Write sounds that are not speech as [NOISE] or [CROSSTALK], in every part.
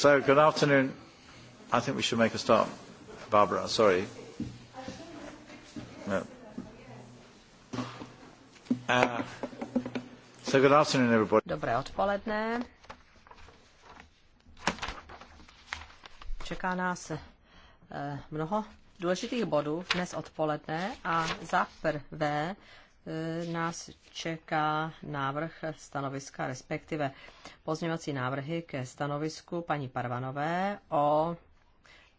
So, good afternoon. I think we should make a start. Barbara, sorry. No. Uh, so good afternoon, everybody. Dobré odpoledne. Čeká nás uh, mnoho důležitých bodů dnes odpoledne a za prvé Eh, nás čeká návrh stanoviska, respektive pozměňovací návrhy ke stanovisku paní Parvanové o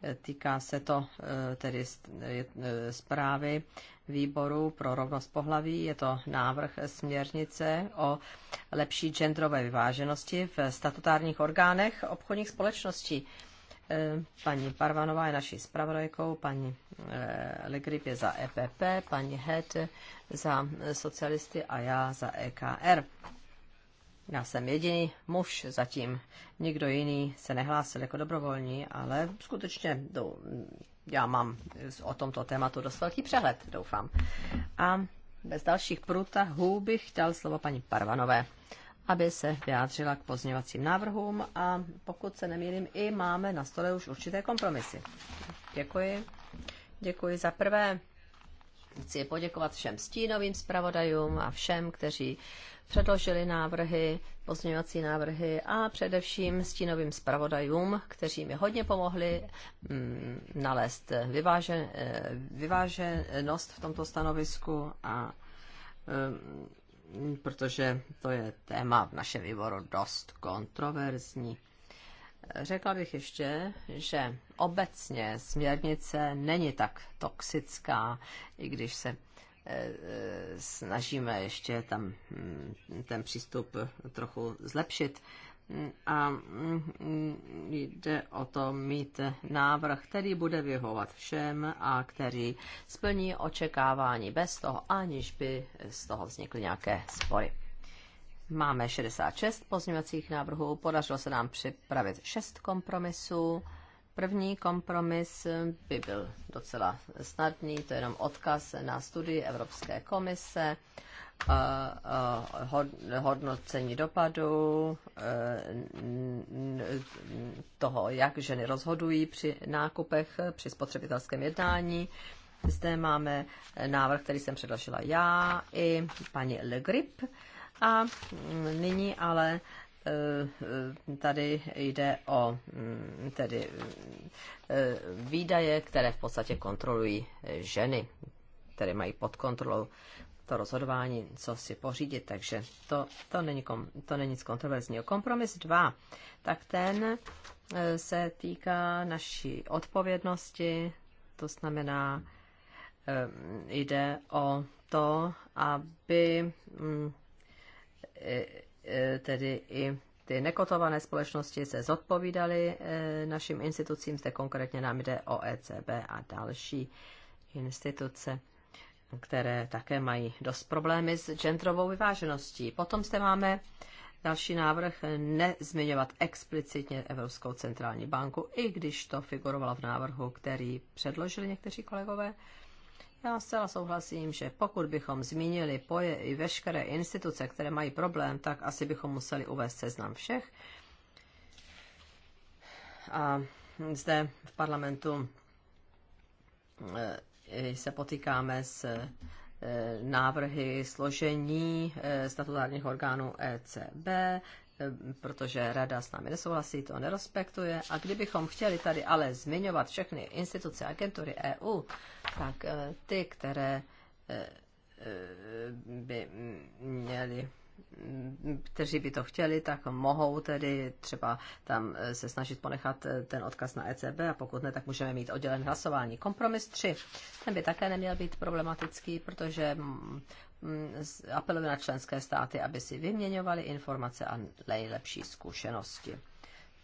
eh, Týká se to eh, tedy zprávy výboru pro rovnost pohlaví. Je to návrh směrnice o lepší genderové vyváženosti v statutárních orgánech obchodních společností. Eh, paní Parvanová je naší zpravodajkou, paní eh, Legrip je za EPP, paní Het za socialisty a já za EKR. Já jsem jediný muž zatím. Nikdo jiný se nehlásil jako dobrovolní, ale skutečně do, já mám o tomto tématu dost velký přehled, doufám. A bez dalších průtahů bych dal slovo paní Parvanové aby se vyjádřila k pozměňovacím návrhům a pokud se nemýlím, i máme na stole už určité kompromisy. Děkuji. Děkuji za prvé. Chci poděkovat všem stínovým zpravodajům a všem, kteří předložili návrhy, pozměňovací návrhy a především stínovým zpravodajům, kteří mi hodně pomohli mm, nalézt eh, vyváženost v tomto stanovisku a mm, protože to je téma v našem výboru dost kontroverzní. Řekla bych ještě, že obecně směrnice není tak toxická, i když se e, e, snažíme ještě tam mm, ten přístup trochu zlepšit a mm, jde o to mít návrh, který bude vyhovat všem a který splní očekávání bez toho, aniž by z toho vznikly nějaké spory. Máme 66 pozměňovacích návrhů, podařilo se nám připravit 6 kompromisů. První kompromis by byl docela snadný, to je jenom odkaz na studii Evropské komise hodnocení dopadu, e, toho, jak ženy rozhodují při nákupech, při spotřebitelském jednání. Zde máme návrh, který jsem předložila já i paní Le Grip. A nyní ale e, e, tady jde o tedy výdaje, které v podstatě kontrolují ženy, které mají pod kontrolou to rozhodování, co si pořídit, takže to, to, není, kom, to není nic kontroverzního. Kompromis 2, tak ten e, se týká naší odpovědnosti, to znamená, e, jde o to, aby mm, e, tedy i ty nekotované společnosti se zodpovídaly našim institucím, zde konkrétně nám jde o ECB a další instituce které také mají dost problémy s genderovou vyvážeností. Potom zde máme další návrh nezmiňovat explicitně Evropskou centrální banku, i když to figurovalo v návrhu, který předložili někteří kolegové. Já zcela souhlasím, že pokud bychom zmínili poje i veškeré instituce, které mají problém, tak asi bychom museli uvést seznam všech. A zde v parlamentu eh, se potýkáme s e, návrhy složení e, statutárních orgánů ECB, e, protože rada s námi nesouhlasí, to nerespektuje. A kdybychom chtěli tady ale zmiňovat všechny instituce agentury EU, tak ty, které by měly kteří by to chtěli, tak mohou tedy třeba tam eh, se snažit ponechat eh, ten odkaz na ECB a pokud ne, tak můžeme mít oddělen hlasování. Kompromis 3, ten by také neměl být problematický, protože mm, mm, apeluje na členské státy, aby si vyměňovali informace a nejlepší zkušenosti.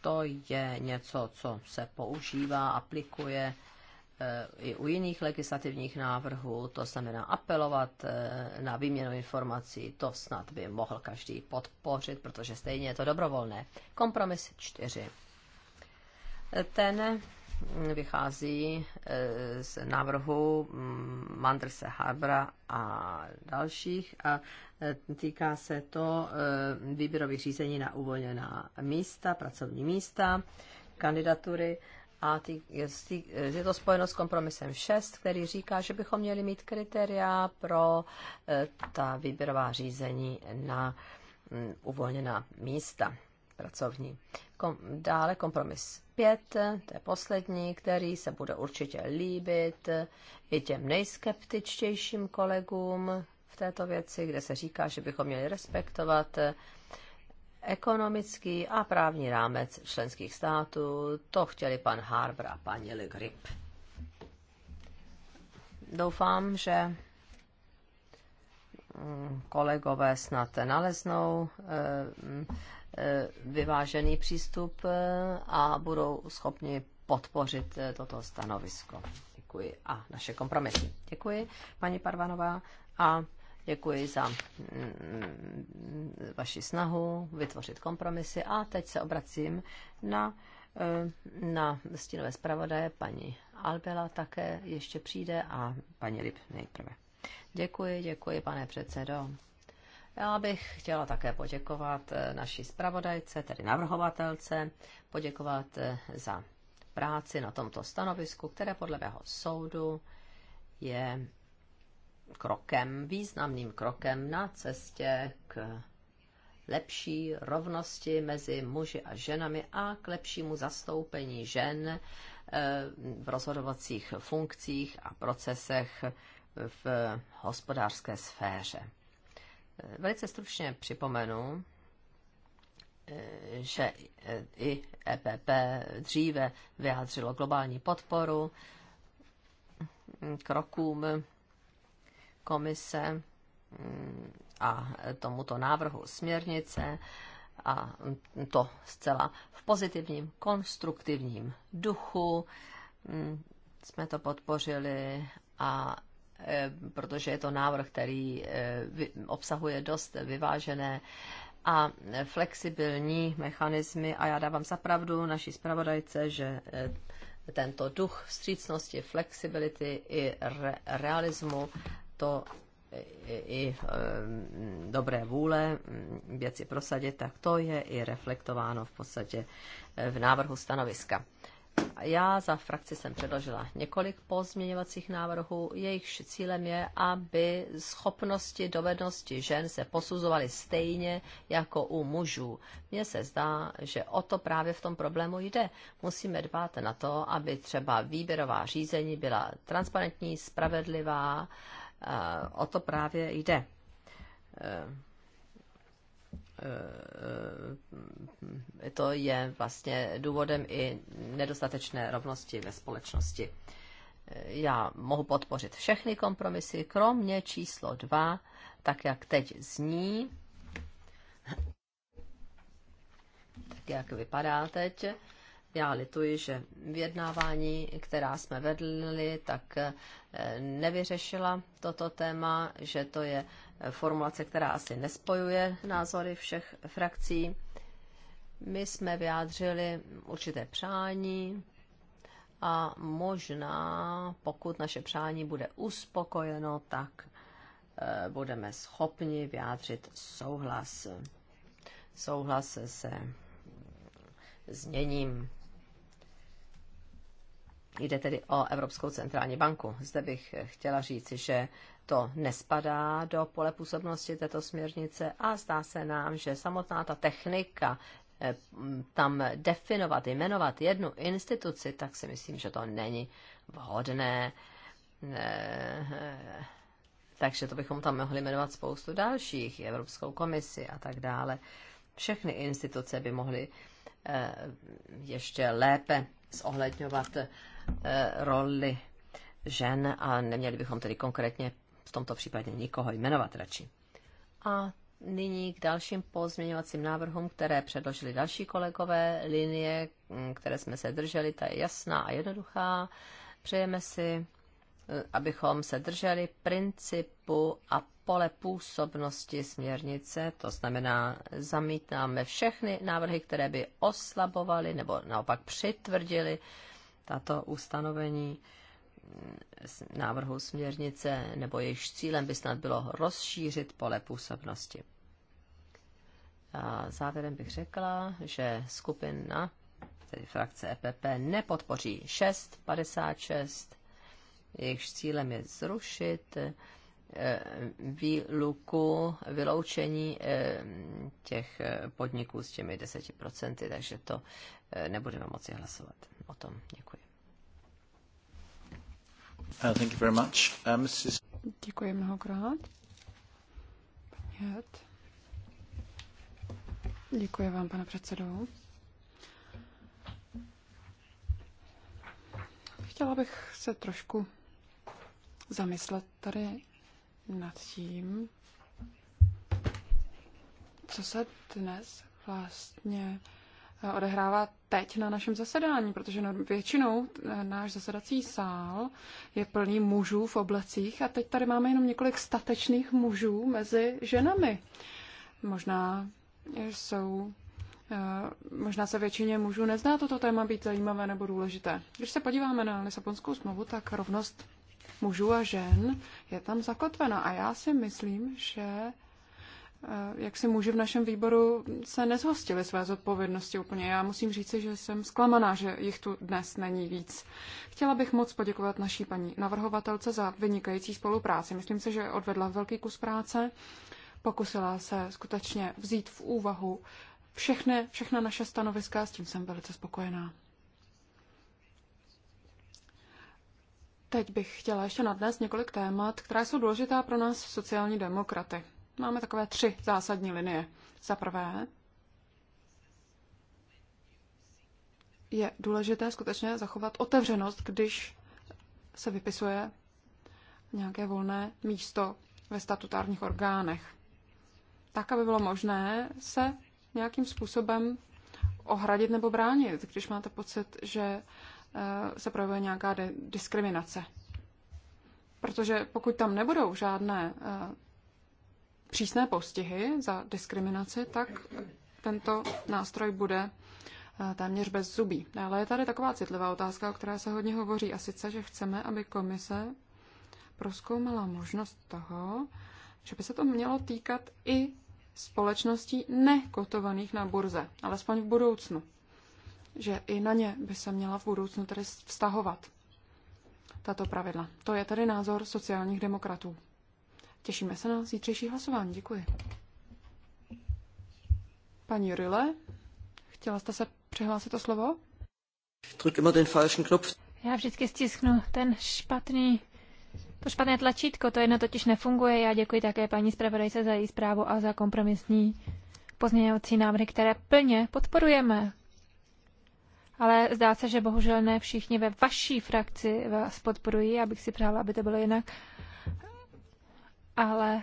To je něco, co se používá, aplikuje Eh, i u jiných legislativních návrhů, to znamená apelovat eh, na výměnu informací, to snad by mohl každý podpořit, protože stejně je to dobrovolné. Kompromis 4. Eh, ten vychází z návrhu mm, Mandrse Harbra a dalších a týká se to výběrových řízení na uvolněná místa, pracovní místa, kandidatury a tý, je to spojeno s kompromisem 6, který říká, že bychom měli mít kritéria pro eh, ta výběrová řízení na mm, uvolněná místa pracovní. Kom, dále kompromis 5, to je poslední, který se bude určitě líbit i těm nejskeptičtějším kolegům v této věci, kde se říká, že bychom měli respektovat eh, ekonomický a právní rámec členských států. To chtěli pan Harbour a paní Le Grip. Doufám, že mm, kolegové snad naleznou eh, mm, eh, vyvážený přístup eh, a budou schopni podpořit toto stanovisko. Děkuji. A naše kompromisy. Děkuji, paní Parvanová. A Děkuji za mm, vaši snahu vytvořit kompromisy a teď se obracím na, eh, na stínové zpravodaje. Paní Albela také ještě přijde a paní Lip nejprve. Děkuji, děkuji, pane předsedo. Já bych chtěla také poděkovat eh, naší zpravodajce, tedy navrhovatelce, poděkovat eh, za práci na tomto stanovisku, které podle mého soudu je krokem, významným krokem na cestě k lepší rovnosti mezi muži a ženami a k lepšímu zastoupení žen eh, v rozhodovacích funkcích a procesech v hospodářské sféře. Eh, velice stručně připomenu, eh, že i EPP dříve vyjádřilo globální podporu hm, krokům komise mm, a tomuto návrhu směrnice a to zcela v pozitivním, konstruktivním duchu. Mm, jsme to podpořili a e, protože je to návrh, který e, obsahuje dost vyvážené a flexibilní mechanismy a já dávám zapravdu naší zpravodajce, že e, tento duch vstřícnosti, flexibility i re- realismu to i eh, dobré vůle mm, věci prosadit, tak to je i reflektováno v podstatě eh, v návrhu stanoviska. Já za frakci jsem předložila několik pozměňovacích návrhů. Jejich cílem je, aby schopnosti, dovednosti žen se posuzovaly stejně jako u mužů. Mně se zdá, že o to právě v tom problému jde. Musíme dbát na to, aby třeba výběrová řízení byla transparentní, spravedlivá, o to právě jde. E, e, to je vlastně důvodem i nedostatečné rovnosti ve společnosti. E, já mohu podpořit všechny kompromisy, kromě číslo dva, tak jak teď zní, tak jak vypadá teď já lituji, že vyjednávání, která jsme vedli, tak eh, nevyřešila toto téma, že to je eh, formulace, která asi nespojuje názory všech frakcí. My jsme vyjádřili určité přání a možná, pokud naše přání bude uspokojeno, tak eh, budeme schopni vyjádřit souhlas. Souhlas se zněním Jde tedy o Evropskou centrální banku. Zde bych chtěla říct, že to nespadá do pole působnosti této směrnice a zdá se nám, že samotná ta technika eh, tam definovat, jmenovat jednu instituci, tak si myslím, že to není vhodné. Eh, takže to bychom tam mohli jmenovat spoustu dalších, Evropskou komisi a tak dále. Všechny instituce by mohly eh, ještě lépe zohledňovat Eh, roli žen a neměli bychom tedy konkrétně v tomto případě nikoho jmenovat radši. A nyní k dalším pozměňovacím návrhům, které předložili další kolegové. Linie, mm, které jsme se drželi, ta je jasná a jednoduchá. Přejeme si, eh, abychom se drželi principu a pole působnosti směrnice, to znamená zamítáme všechny návrhy, které by oslabovaly nebo naopak přitvrdily tato ustanovení návrhu směrnice nebo jejich cílem by snad bylo rozšířit pole působnosti. A závěrem bych řekla, že skupina, tedy frakce EPP, nepodpoří 656, jejichž cílem je zrušit výluku, vyloučení eh, těch eh, podniků s těmi 10%, takže to eh, nebudeme moci hlasovat o tom. Děkuji. Uh, thank you very much. Uh, Mrs. Děkuji mnohokrát. Pět. Děkuji vám, pane předsedo. Chtěla bych se trošku zamyslet tady nad tím, co se dnes vlastně eh, odehrává teď na našem zasedání, protože no, většinou eh, náš zasedací sál je plný mužů v oblecích a teď tady máme jenom několik statečných mužů mezi ženami. Možná jsou eh, Možná se většině mužů nezná toto téma být zajímavé nebo důležité. Když se podíváme na Lisabonskou smlouvu, tak rovnost mužů a žen je tam zakotvena. A já si myslím, že eh, jak si muži v našem výboru se nezhostili své zodpovědnosti úplně. Já musím říci, že jsem zklamaná, že jich tu dnes není víc. Chtěla bych moc poděkovat naší paní navrhovatelce za vynikající spolupráci. Myslím si, že odvedla velký kus práce, pokusila se skutečně vzít v úvahu všechny, všechna naše stanoviska, s tím jsem velice spokojená. Teď bych chtěla ještě nadnést několik témat, která jsou důležitá pro nás sociální demokraty. Máme takové tři zásadní linie. Za prvé, je důležité skutečně zachovat otevřenost, když se vypisuje nějaké volné místo ve statutárních orgánech. Tak, aby bylo možné se nějakým způsobem ohradit nebo bránit, když máte pocit, že Eh, se projevuje nějaká diskriminace. Protože pokud tam nebudou žádné eh, přísné postihy za diskriminaci, tak tento nástroj bude eh, téměř bez zubí. Ale je tady taková citlivá otázka, o které se hodně hovoří, a sice, že chceme, aby komise proskoumala možnost toho, že by se to mělo týkat i společností nekotovaných na burze, alespoň v budoucnu že i na ně by se měla v budoucnu tedy vztahovat tato pravidla. To je tedy názor sociálních demokratů. Těšíme se na zítřejší hlasování. Děkuji. Paní Rille, chtěla jste se přihlásit o slovo? Já vždycky stisknu ten špatný to špatné tlačítko, to jedno totiž nefunguje. Já děkuji také paní zpravodajce za její zprávu a za kompromisní pozměňovací návrhy, které plně podporujeme ale zdá se, že bohužel ne všichni ve vaší frakci vás podporují, abych si přála, aby to bylo jinak. Ale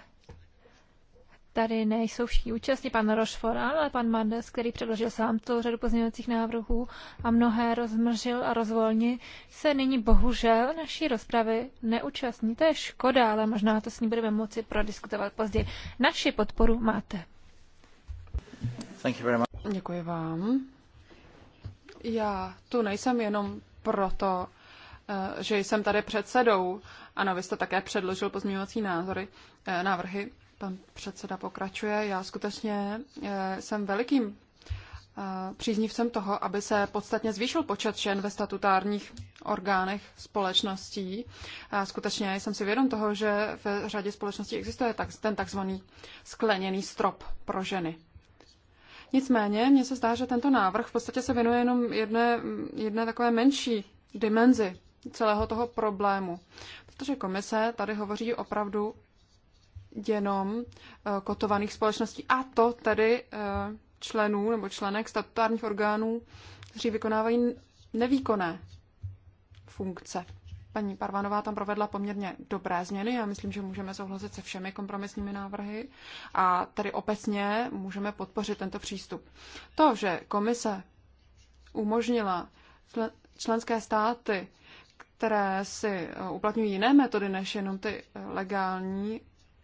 tady nejsou všichni účastní, pan Rošfor, ale pan Mandes, který předložil sám tu řadu pozměňovacích návrhů a mnohé rozmržil a rozvolni, se nyní bohužel naší rozpravy neúčastní. To je škoda, ale možná to s ní budeme moci prodiskutovat později. Naši podporu máte. Děkuji vám. Já tu nejsem jenom proto, eh, že jsem tady předsedou. Ano, vy jste také předložil pozměňovací názory, eh, návrhy. Pan předseda pokračuje. Já skutečně eh, jsem velikým příznivcem toho, aby se podstatně zvýšil počet žen ve statutárních orgánech společností. A skutečně jsem si vědom toho, že v řadě společností existuje ten takzvaný skleněný strop pro ženy. Nicméně, mně se zdá, že tento návrh v podstatě se věnuje jenom jedné, jedné takové menší dimenzi celého toho problému. Protože komise tady hovoří opravdu jenom eh, kotovaných společností, a to tedy eh, členů nebo členek statutárních orgánů, kteří vykonávají nevýkonné funkce. Paní Parvanová tam provedla poměrně dobré změny. Já myslím, že můžeme souhlasit se všemi kompromisními návrhy a tedy obecně můžeme podpořit tento přístup. To, že komise umožnila členské státy, které si eh, uplatňují jiné metody než jenom ty eh, legální,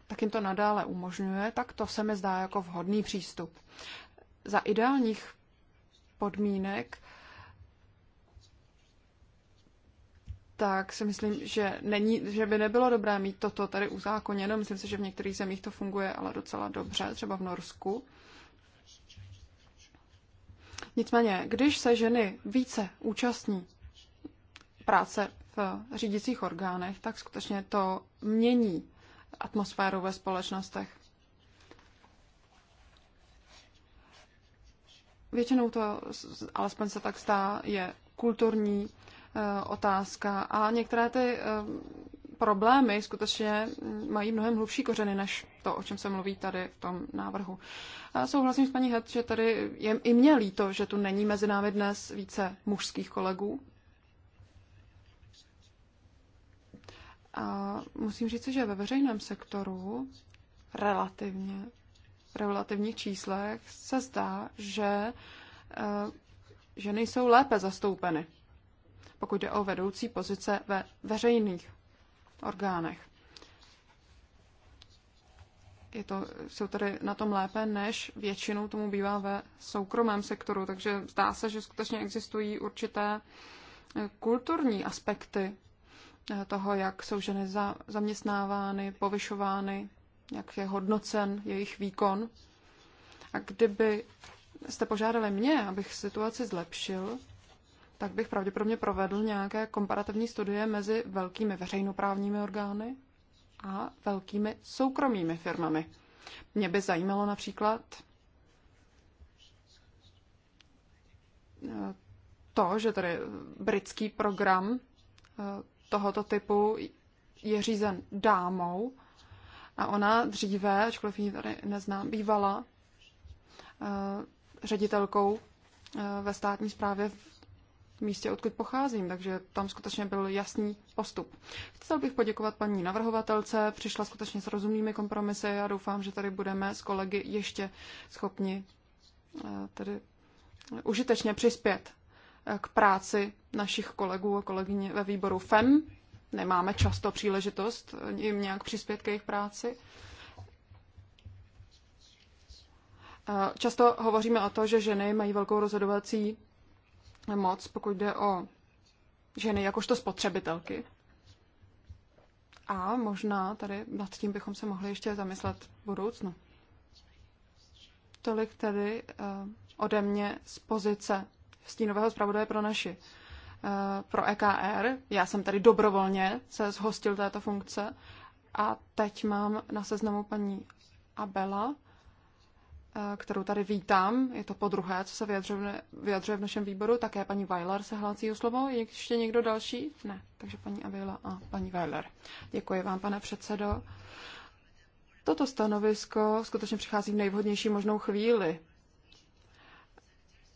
tak jim to nadále umožňuje, tak to se mi zdá jako vhodný přístup. Za ideálních podmínek tak si myslím, že, není, že by nebylo dobré mít toto tady uzákoněno. Myslím si, že v některých zemích to funguje ale docela dobře, třeba v Norsku. Nicméně, když se ženy více účastní práce v řídicích orgánech, tak skutečně to mění atmosféru ve společnostech. Většinou to, alespoň se tak stá, je kulturní Eh, otázka. A některé ty eh, problémy skutečně mají mnohem hlubší kořeny než to, o čem se mluví tady v tom návrhu. A souhlasím s paní Het, že tady je i mě líto, že tu není mezi námi dnes více mužských kolegů. A musím říct, že ve veřejném sektoru relativně, v relativních číslech se zdá, že eh, ženy jsou lépe zastoupeny pokud jde o vedoucí pozice ve veřejných orgánech. Je to, jsou tady na tom lépe, než většinou tomu bývá ve soukromém sektoru, takže zdá se, že skutečně existují určité eh, kulturní aspekty eh, toho, jak jsou ženy za, zaměstnávány, povyšovány, jak je hodnocen jejich výkon. A kdyby jste požádali mě, abych situaci zlepšil, tak bych pravděpodobně provedl nějaké komparativní studie mezi velkými veřejnoprávními orgány a velkými soukromými firmami. Mě by zajímalo například eh, to, že tady britský program eh, tohoto typu je řízen dámou a ona dříve, ačkoliv ji tady neznám, bývala eh, ředitelkou ve státní správě v místě, odkud pocházím, takže tam skutečně byl jasný postup. Chtěl bych poděkovat paní navrhovatelce, přišla skutečně s rozumnými kompromisy a doufám, že tady budeme s kolegy ještě schopni eh, tedy užitečně přispět eh, k práci našich kolegů a kolegyně ve výboru FEM. Nemáme často příležitost eh, jim nějak přispět k jejich práci. Často hovoříme o to, že ženy mají velkou rozhodovací moc, pokud jde o ženy jakožto spotřebitelky. A možná tady nad tím bychom se mohli ještě zamyslet v budoucnu. Tolik tedy eh, ode mě z pozice stínového zpravodaje pro naši eh, pro EKR. Já jsem tady dobrovolně se zhostil této funkce a teď mám na seznamu paní Abela Eh, kterou tady vítám, je to po druhé, co se vyjadřuje, vyjadřuje v našem výboru, také paní Weiler se hlásí o slovo. Je ještě někdo další? Ne, takže paní Avila a paní Weiler. Děkuji vám, pane předsedo. Toto stanovisko skutečně přichází v nejvhodnější možnou chvíli.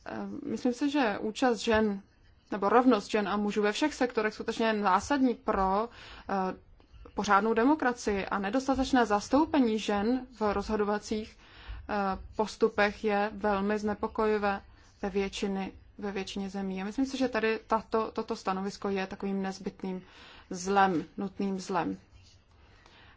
Eh, myslím si, že účast žen nebo rovnost žen a mužů ve všech sektorech skutečně je zásadní pro eh, pořádnou demokracii a nedostatečné zastoupení žen v rozhodovacích Eh, postupech je velmi znepokojivé ve, většiny, ve většině zemí. A myslím si, že tady tato, toto stanovisko je takovým nezbytným zlem, nutným zlem.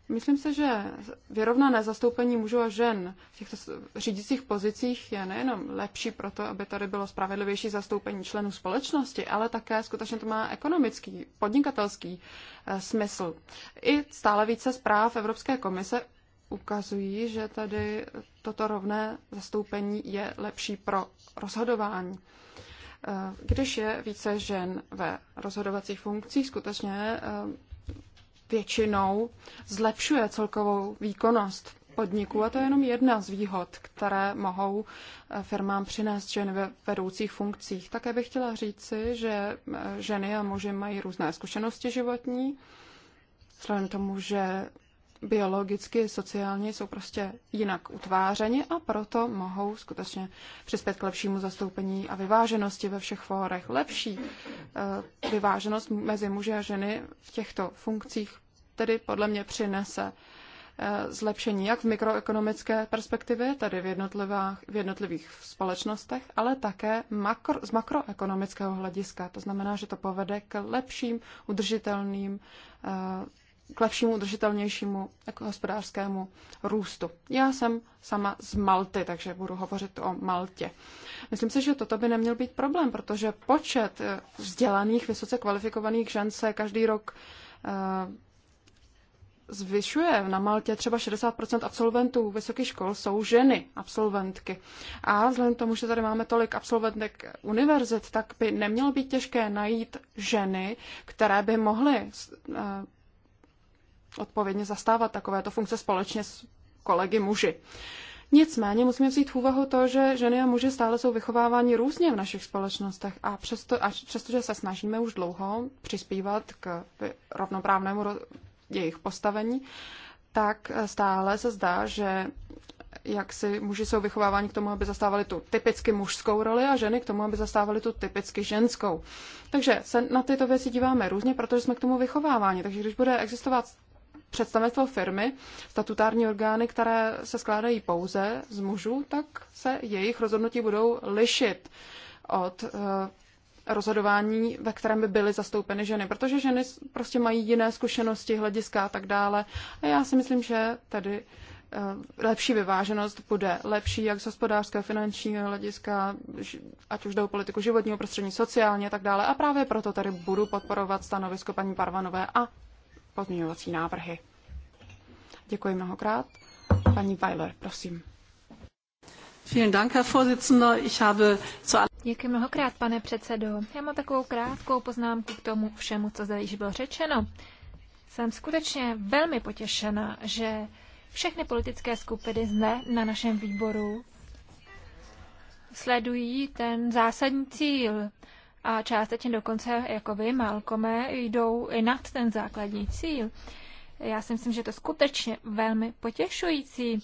Myslím se, že vyrovnané zastoupení mužů a žen v těchto řídících pozicích je nejenom lepší pro to, aby tady bylo spravedlivější zastoupení členů společnosti, ale také skutečně to má ekonomický, podnikatelský eh, smysl. I stále více zpráv Evropské komise ukazují, že tady toto rovné zastoupení je lepší pro rozhodování. Eh, když je více žen ve rozhodovacích funkcích, skutečně eh, většinou zlepšuje celkovou výkonnost podniků a to je jenom jedna z výhod, které mohou eh, firmám přinést ženy ve vedoucích funkcích. Také bych chtěla říci, že ženy a muži mají různé zkušenosti životní, vzhledem tomu, že biologicky, sociálně jsou prostě jinak utvářeni a proto mohou skutečně přispět k lepšímu zastoupení a vyváženosti ve všech fórech. Lepší eh, vyváženost mezi muži a ženy v těchto funkcích tedy podle mě přinese eh, zlepšení jak v mikroekonomické perspektivě, tedy v, v jednotlivých společnostech, ale také makro, z makroekonomického hlediska. To znamená, že to povede k lepším, udržitelným eh, k lepšímu udržitelnějšímu jako hospodářskému růstu. Já jsem sama z Malty, takže budu hovořit o Maltě. Myslím si, že toto by neměl být problém, protože počet eh, vzdělaných, vysoce kvalifikovaných žen se každý rok eh, zvyšuje. Na Maltě třeba 60% absolventů vysokých škol jsou ženy, absolventky. A vzhledem k tomu, že tady máme tolik absolventek univerzit, tak by nemělo být těžké najít ženy, které by mohly eh, odpovědně zastávat takovéto funkce společně s kolegy muži. Nicméně musíme vzít v úvahu to, že ženy a muži stále jsou vychováváni různě v našich společnostech a přesto, a přesto že se snažíme už dlouho přispívat k rovnoprávnému jejich postavení, tak stále se zdá, že jak si muži jsou vychováváni k tomu, aby zastávali tu typicky mužskou roli a ženy k tomu, aby zastávali tu typicky ženskou. Takže se na tyto věci díváme různě, protože jsme k tomu vychováváni. Takže když bude existovat představitel firmy, statutární orgány, které se skládají pouze z mužů, tak se jejich rozhodnutí budou lišit od eh, rozhodování, ve kterém by byly zastoupeny ženy, protože ženy prostě mají jiné zkušenosti, hlediska a tak dále. A já si myslím, že tady eh, lepší vyváženost bude lepší jak z hospodářského, finančního hlediska, ať už jde o politiku životního prostředí, sociálně a tak dále. A právě proto tady budu podporovat stanovisko paní Parvanové a pozměňovací návrhy. Děkuji mnohokrát. Paní Weiler, prosím. Děkuji mnohokrát, pane předsedo. Já mám takovou krátkou poznámku k tomu všemu, co zde již bylo řečeno. Jsem skutečně velmi potěšena, že všechny politické skupiny zde na našem výboru sledují ten zásadní cíl a částečně dokonce, jako vy, Malkome, jdou i nad ten základní cíl. Já si myslím, že to skutečně velmi potěšující,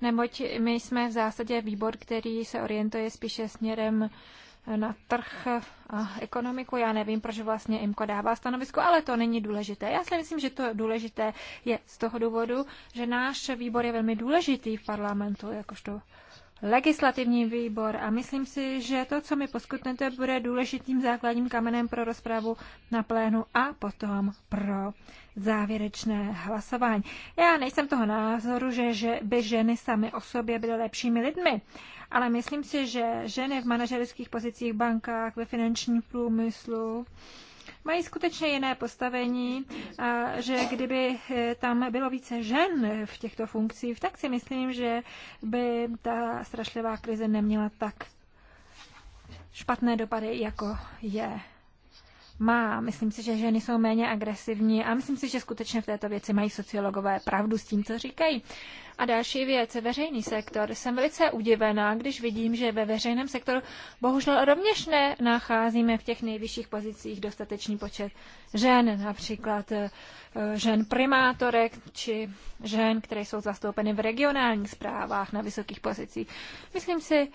neboť my jsme v zásadě výbor, který se orientuje spíše směrem na trh a ekonomiku. Já nevím, proč vlastně imko dává stanovisko, ale to není důležité. Já si myslím, že to důležité je z toho důvodu, že náš výbor je velmi důležitý v parlamentu, jakožto legislativní výbor a myslím si, že to, co mi poskytnete, bude důležitým základním kamenem pro rozpravu na plénu a potom pro závěrečné hlasování. Já nejsem toho názoru, že, že by ženy sami o sobě byly lepšími lidmi, ale myslím si, že ženy v manažerských pozicích v bankách, ve finančním průmyslu, mají skutečně jiné postavení a že kdyby eh, tam bylo více žen v těchto funkcích, tak si myslím, že by ta strašlivá krize neměla tak špatné dopady, jako je má. Myslím si, že ženy jsou méně agresivní a myslím si, že skutečně v této věci mají sociologové pravdu s tím, co říkají. A další věc, veřejný sektor. Jsem velice udivená, když vidím, že ve veřejném sektoru bohužel rovněž nenacházíme v těch nejvyšších pozicích dostatečný počet žen, například eh, žen primátorek či žen, které jsou zastoupeny v regionálních zprávách na vysokých pozicích. Myslím si,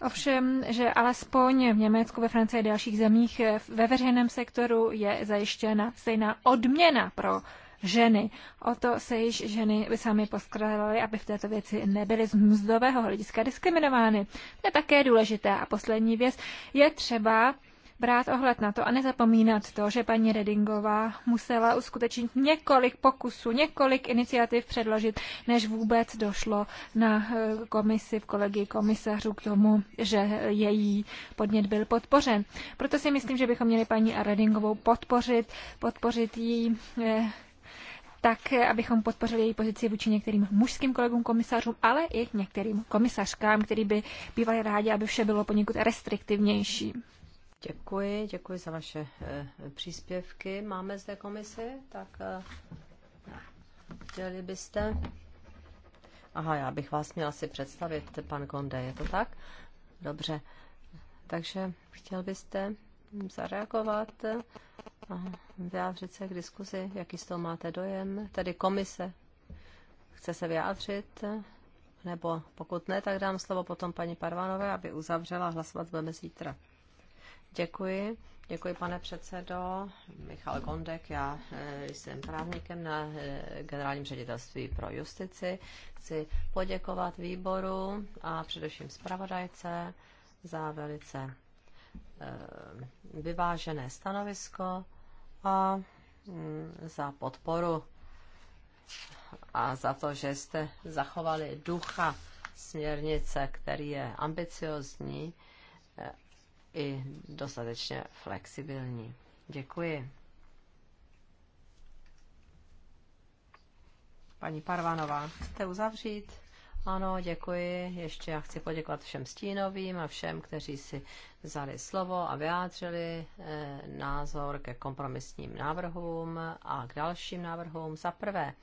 Ovšem, že alespoň v Německu, ve Francii a dalších zemích eh, ve veřejném sektoru je zajištěna stejná odměna pro ženy. O to se již ženy by sami poskradaly, aby v této věci nebyly z mzdového hlediska diskriminovány. To je také důležité. A poslední věc je třeba brát ohled na to a nezapomínat to, že paní Redingová musela uskutečnit několik pokusů, několik iniciativ předložit, než vůbec došlo na eh, komisi v kolegii komisařů k tomu, že její podnět byl podpořen. Proto si myslím, že bychom měli paní Redingovou podpořit, podpořit jí eh, tak, abychom podpořili její pozici vůči některým mužským kolegům komisařům, ale i některým komisařkám, který by bývali rádi, aby vše bylo poněkud restriktivnější. Děkuji, děkuji za vaše eh, příspěvky. Máme zde komisi, tak eh, chtěli byste? Aha, já bych vás měla si představit, pan Konde, je to tak? Dobře. Takže chtěl byste zareagovat eh, a vyjádřit se k diskuzi, jaký z toho máte dojem, tedy komise chce se vyjádřit, nebo pokud ne, tak dám slovo potom paní Parvanové, aby uzavřela hlasovat budeme zítra. Děkuji. Děkuji, pane předsedo. Michal Gondek, já eh, jsem právníkem na eh, generálním ředitelství pro justici. Chci poděkovat výboru a především zpravodajce za velice eh, vyvážené stanovisko a mm, za podporu a za to, že jste zachovali ducha směrnice, který je ambiciozní i dostatečně flexibilní. Děkuji. Paní Parvanová, chcete uzavřít? Ano, děkuji. Ještě já chci poděkovat všem stínovým a všem, kteří si vzali slovo a vyjádřili eh, názor ke kompromisním návrhům a k dalším návrhům. Za prvé,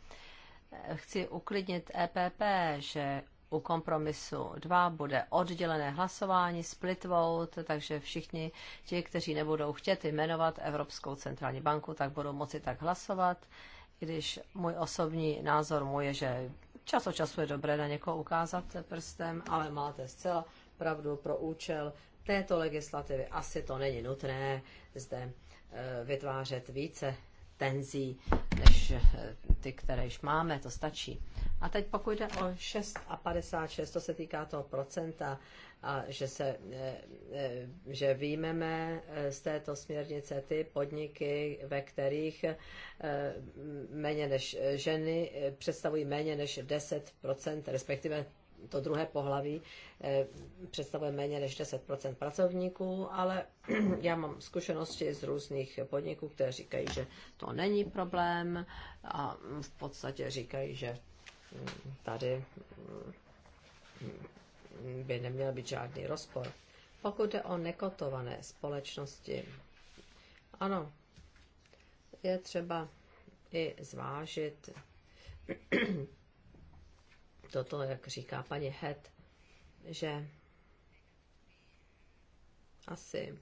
eh, chci uklidnit EPP, že u kompromisu 2 bude oddělené hlasování, split vote, takže všichni ti, kteří nebudou chtět jmenovat Evropskou centrální banku, tak budou moci tak hlasovat. Když můj osobní názor můj je, že čas od času je dobré na někoho ukázat prstem, ale máte zcela pravdu pro účel této legislativy. Asi to není nutné zde eh, vytvářet více tenzí, než eh, ty, které již máme, to stačí. A teď pokud jde o 6 a 56, to se týká toho procenta, a že, se, eh, eh, že výjmeme z této směrnice ty podniky, ve kterých méně než ženy představují méně než 10%, respektive to druhé pohlaví eh, představuje méně než 10 pracovníků, ale [CLEARS THROAT] já mám zkušenosti z různých podniků, které říkají, že to není problém a v podstatě říkají, že mm, tady mm, by neměl být žádný rozpor. Pokud jde o nekotované společnosti, ano, je třeba i zvážit [CLEARS THROAT] toto, jak říká paní Het, že asi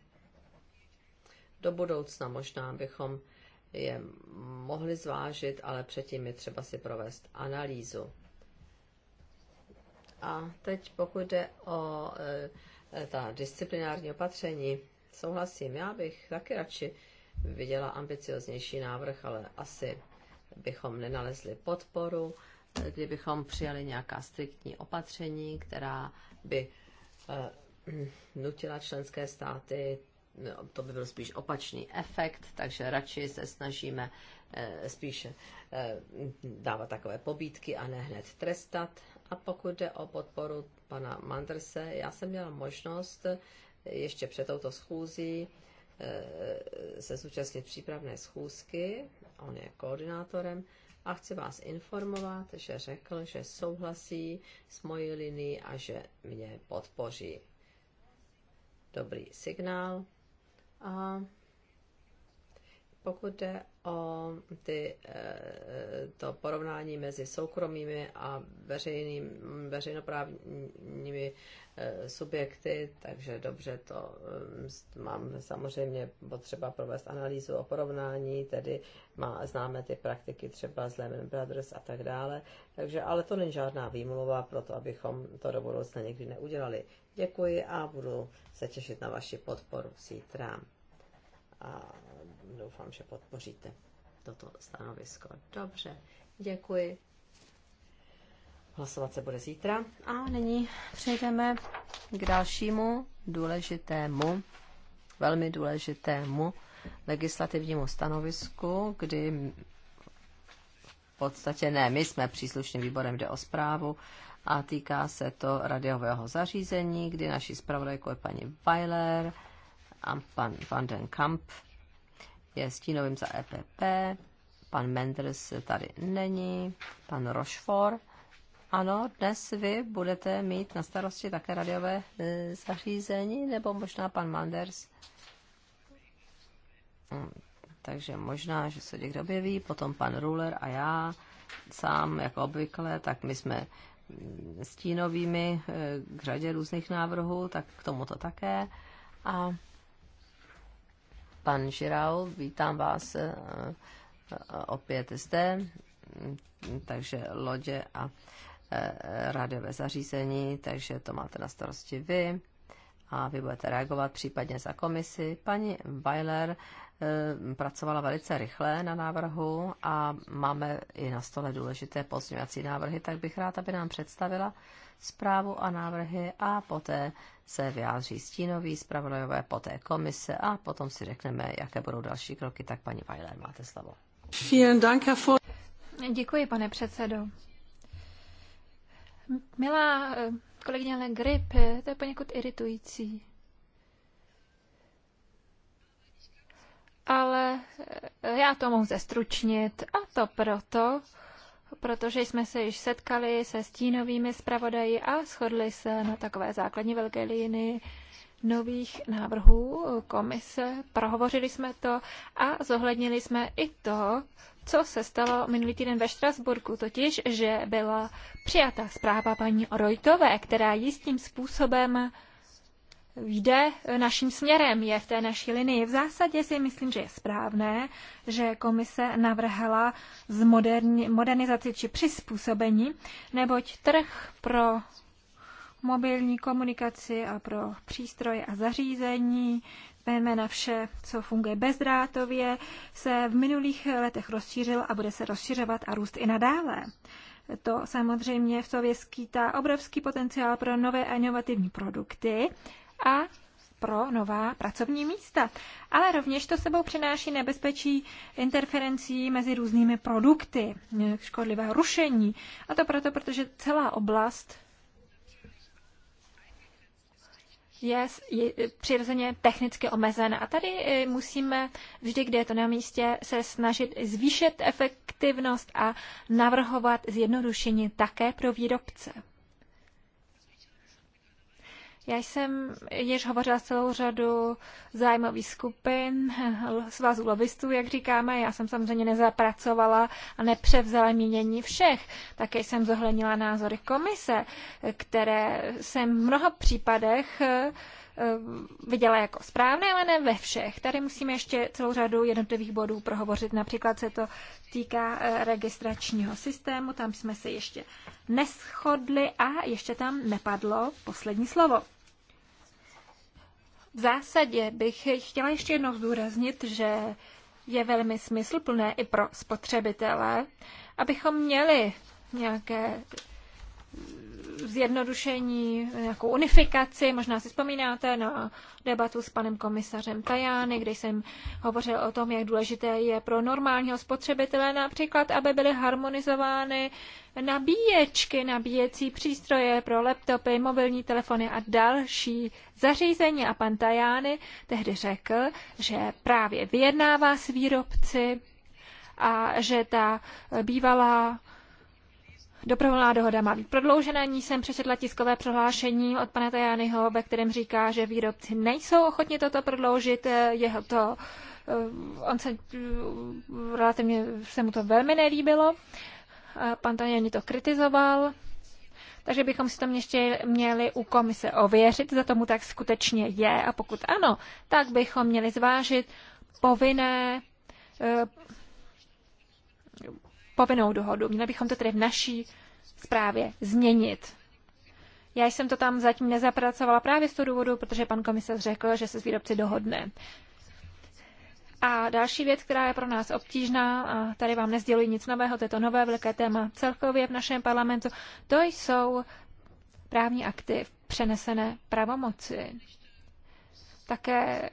do budoucna možná bychom je mohli zvážit, ale předtím je třeba si provést analýzu. A teď pokud jde o e, ta disciplinární opatření, souhlasím, já bych taky radši viděla ambicioznější návrh, ale asi bychom nenalezli podporu kdybychom přijali nějaká striktní opatření, která by eh, nutila členské státy, to by byl spíš opačný efekt, takže radši se snažíme eh, spíše eh, dávat takové pobídky a ne hned trestat. A pokud jde o podporu pana Mandrse, já jsem měla možnost ještě před touto schůzí se zúčastnit přípravné schůzky, on je koordinátorem, a chci vás informovat, že řekl, že souhlasí s mojí linií a že mě podpoří. Dobrý signál. A pokud jde o ty, eh, to porovnání mezi soukromými a veřejným, veřejnoprávními eh, subjekty, takže dobře, to eh, mám samozřejmě potřeba provést analýzu o porovnání, tedy má, známe ty praktiky třeba z Lehman Brothers a tak dále, takže, ale to není žádná výmluva pro to, abychom to do budoucna někdy neudělali. Děkuji a budu se těšit na vaši podporu zítra. A doufám, že podpoříte toto stanovisko. Dobře, děkuji. Hlasovat se bude zítra. A nyní přejdeme k dalšímu důležitému, velmi důležitému legislativnímu stanovisku, kdy v podstatě ne, my jsme příslušným výborem, jde o zprávu a týká se to radiového zařízení, kdy naší zpravodajkou je paní Weiler a pan Van den Kamp je stínovým za EPP, pan Menders tady není, pan Rochefort. Ano, dnes vy budete mít na starosti také radiové e, zařízení, nebo možná pan Manders. Hm, takže možná, že se někdo objeví, potom pan Ruler a já sám, jako obvykle, tak my jsme hm, stínovými e, k řadě různých návrhů, tak k tomuto také. A Pan Žirau, vítám vás eh, eh, opět zde, takže lodě a eh, rádiové zařízení, takže to máte na starosti vy a vy budete reagovat případně za komisi. Paní Weiler pracovala velice rychle na návrhu a máme i na stole důležité pozměňovací návrhy, tak bych rád, aby nám představila zprávu a návrhy a poté se vyjádří stínový zpravodajové, poté komise a potom si řekneme, jaké budou další kroky. Tak paní Weiler, máte slovo. Děkuji, pane předsedo. Milá eh, kolegyně Le Grip, eh, to je poněkud iritující. Ale eh, já to mohu zestručnit a to proto, protože jsme se již setkali se stínovými zpravodaji a shodli se na takové základní velké linii nových návrhů komise. Prohovořili jsme to a zohlednili jsme i to, co se stalo minulý týden ve Štrasburku, totiž, že byla přijata zpráva paní Rojtové, která jistým způsobem jde naším směrem, je v té naší linii. V zásadě si myslím, že je správné, že komise navrhla z modernizaci či přizpůsobení, neboť trh pro mobilní komunikaci a pro přístroje a zařízení, na vše, co funguje bezdrátově, se v minulých letech rozšířil a bude se rozšiřovat a růst i nadále. To samozřejmě v sobě skýtá obrovský potenciál pro nové a inovativní produkty a pro nová pracovní místa. Ale rovněž to sebou přináší nebezpečí interferencí mezi různými produkty, škodlivého rušení. A to proto, protože celá oblast je, přirozeně technicky omezená. A tady e, musíme vždy, kde je to na místě, se snažit zvýšit efektivnost a navrhovat zjednodušení také pro výrobce. Já jsem již hovořila s celou řadu zájmových skupin, svazů lobbystů, jak říkáme. Já jsem samozřejmě nezapracovala a nepřevzala mínění všech. Také jsem zohlednila názory komise, které jsem v mnoha případech Eh, viděla jako správné, ale ne ve všech. Tady musíme ještě celou řadu jednotlivých bodů prohovořit. Například se to týká eh, registračního systému, tam jsme se ještě neschodli a ještě tam nepadlo poslední slovo. V zásadě bych chtěla ještě jednou zdůraznit, že je velmi smysluplné i pro spotřebitele, abychom měli nějaké zjednodušení, nějakou unifikaci. Možná si vzpomínáte na debatu s panem komisařem Tajány, kde jsem hovořil o tom, jak důležité je pro normálního spotřebitele například, aby byly harmonizovány nabíječky, nabíjecí přístroje pro laptopy, mobilní telefony a další zařízení. A pan Tajány tehdy řekl, že právě vyjednává s výrobci a že ta bývalá Dobrovolná dohoda má být prodloužena, ní jsem přečetla tiskové prohlášení od pana Tajányho, ve kterém říká, že výrobci nejsou ochotni toto prodloužit, jeho to, eh, on se, eh, relativně se mu to velmi nelíbilo, pan Tajani to kritizoval, takže bychom si to ještě měli u komise ověřit, za tomu tak skutečně je a pokud ano, tak bychom měli zvážit povinné eh, povinnou dohodu. Měli bychom to tedy v naší zprávě změnit. Já jsem to tam zatím nezapracovala právě z toho důvodu, protože pan komisař řekl, že se s výrobci dohodne. A další věc, která je pro nás obtížná, a tady vám nezděluji nic nového, to je to nové velké téma celkově v našem parlamentu, to jsou právní akty v přenesené pravomoci. Také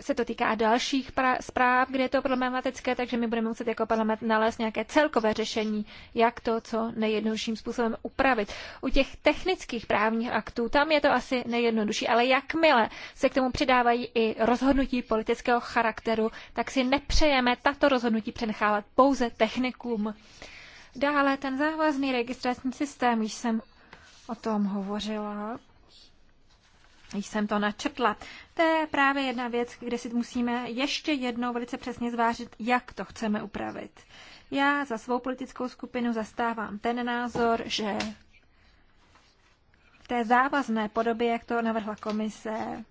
se to týká dalších zpráv, kde je to problematické, takže my budeme muset jako parlament nalézt nějaké celkové řešení, jak to co nejjednodušším způsobem upravit. U těch technických právních aktů tam je to asi nejjednodušší, ale jakmile se k tomu přidávají i rozhodnutí politického charakteru, tak si nepřejeme tato rozhodnutí přenechávat pouze technikům. Dále ten závazný registrační systém, již jsem o tom hovořila jsem to načetla. To je právě jedna věc, kde si musíme ještě jednou velice přesně zvážit, jak to chceme upravit. Já za svou politickou skupinu zastávám ten názor, že v té závazné podobě, jak to navrhla komise,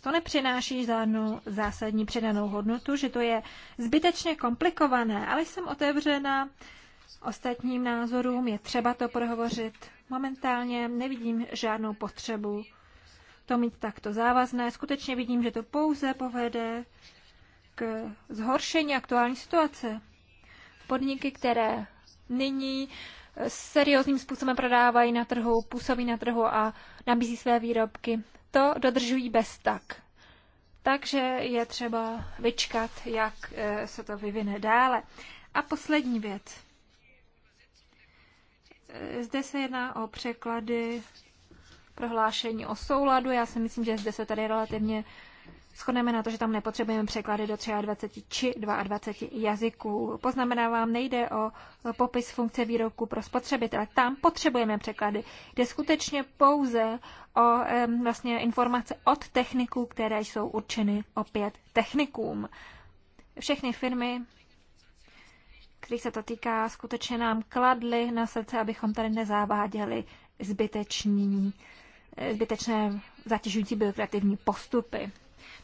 to nepřináší žádnou zásadní přidanou hodnotu, že to je zbytečně komplikované, ale jsem otevřena ostatním názorům, je třeba to prohovořit. Momentálně nevidím žádnou potřebu to mít takto závazné. Skutečně vidím, že to pouze povede k zhoršení aktuální situace. Podniky, které nyní eh, seriózním způsobem prodávají na trhu, působí na trhu a nabízí své výrobky, to dodržují bez tak. Takže je třeba vyčkat, jak eh, se to vyvine dále. A poslední věc. Eh, zde se jedná o překlady prohlášení o souladu. Já si myslím, že zde se tady relativně Shodneme na to, že tam nepotřebujeme překlady do 23 či 22 jazyků. Poznamenávám, nejde o popis funkce výroku pro spotřebitele. Tam potřebujeme překlady. Jde skutečně pouze o um, vlastně informace od techniků, které jsou určeny opět technikům. Všechny firmy, kterých se to týká, skutečně nám kladly na srdce, abychom tady nezáváděli zbyteční uh, zbytečné zatěžující byrokrativní postupy.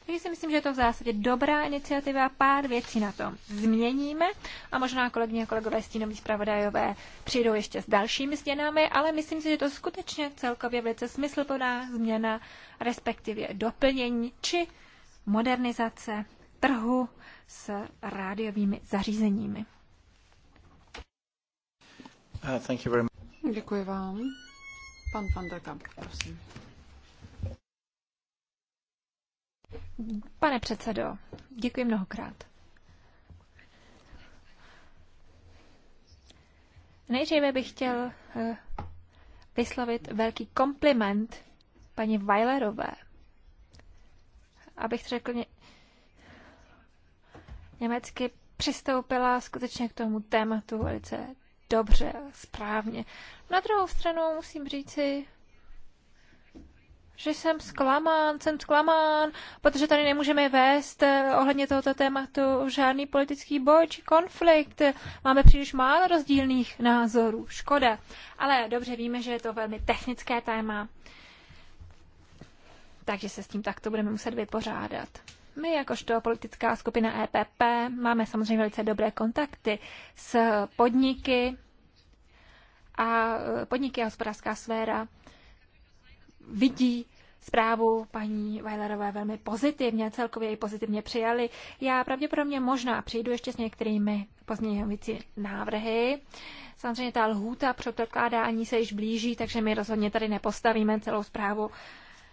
Takže si myslím, že je to v zásadě dobrá iniciativa, pár věcí na tom změníme a možná kolegyně a kolegové stínoví zpravodajové přijdou ještě s dalšími změnami, ale myslím si, že to skutečně celkově velice smysluplná změna, respektive doplnění či modernizace trhu s rádiovými zařízeními. Uh, thank you very much. Děkuji vám. Pan van der Kamp, prosím. Pane předsedo, děkuji mnohokrát. Nejdříve bych chtěl eh, vyslovit velký kompliment paní Weilerové. Abych řekl ně... německy, přistoupila skutečně k tomu tématu velice dobře správně. Na druhou stranu musím říci, že jsem zklamán, jsem zklamán, protože tady nemůžeme vést eh, ohledně tohoto tématu žádný politický boj či konflikt. Máme příliš málo rozdílných názorů. Škoda. Ale dobře víme, že je to velmi technické téma. Takže se s tím takto budeme muset vypořádat. My jakožto politická skupina EPP máme samozřejmě velice dobré kontakty s podniky a e, podniky a hospodářská sféra vidí zprávu paní Weilerové velmi pozitivně, celkově ji pozitivně přijali. Já pravděpodobně možná přijdu ještě s některými pozměňovací návrhy. Samozřejmě ta lhůta pro předkládání se již blíží, takže my rozhodně tady nepostavíme celou zprávu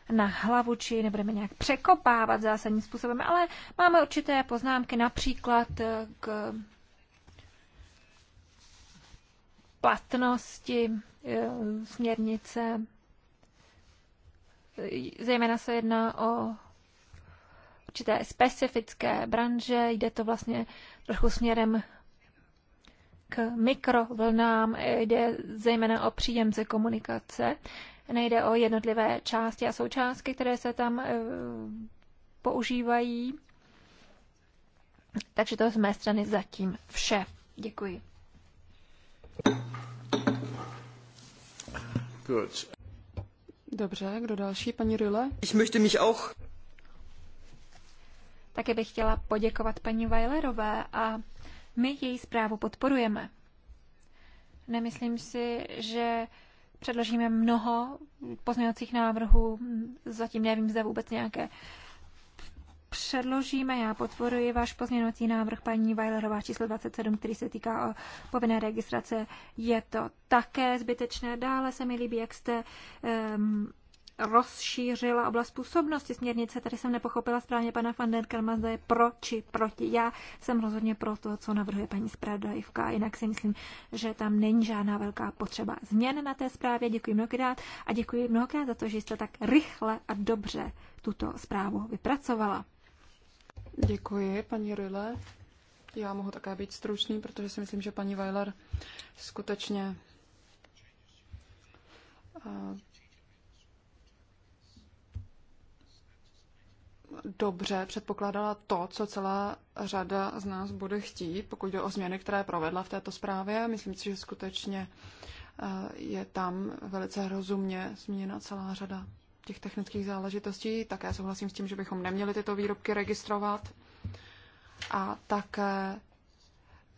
na hlavu, či nebudeme nějak překopávat zásadním způsobem, ale máme určité poznámky například eh, k platnosti eh, směrnice. Eh, zejména se jedná o určité specifické branže, jde to vlastně trochu směrem k mikrovlnám, jde zejména o příjemce komunikace nejde o jednotlivé části a součástky, které se tam eh, používají. Takže to z mé strany zatím vše. Děkuji. Good. Dobře, kdo další? Paní Rille? Ich möchte mich auch... Také bych chtěla poděkovat paní Weilerové a my její zprávu podporujeme. Nemyslím si, že Předložíme mnoho pozměňovacích návrhů, zatím nevím, zda vůbec nějaké předložíme. Já potvoruji váš pozměňovací návrh, paní Vajlerová číslo 27, který se týká o eh, povinné registrace. Je to také zbytečné. Dále se mi líbí, jak jste um, rozšířila oblast působnosti směrnice. Tady jsem nepochopila správně pana van den Karma, je pro či proti. Já jsem rozhodně pro to, co navrhuje paní zpravodajivka, jinak si myslím, že tam není žádná velká potřeba změn na té zprávě. Děkuji mnohokrát a děkuji mnohokrát za to, že jste tak rychle a dobře tuto zprávu vypracovala. Děkuji, paní Ryle. Já mohu také být stručný, protože si myslím, že paní Weiler skutečně eh, dobře předpokládala to, co celá řada z nás bude chtít, pokud jde o změny, které provedla v této zprávě. Myslím si, že skutečně eh, je tam velice rozumně změna celá řada těch technických záležitostí. Také souhlasím s tím, že bychom neměli tyto výrobky registrovat. A také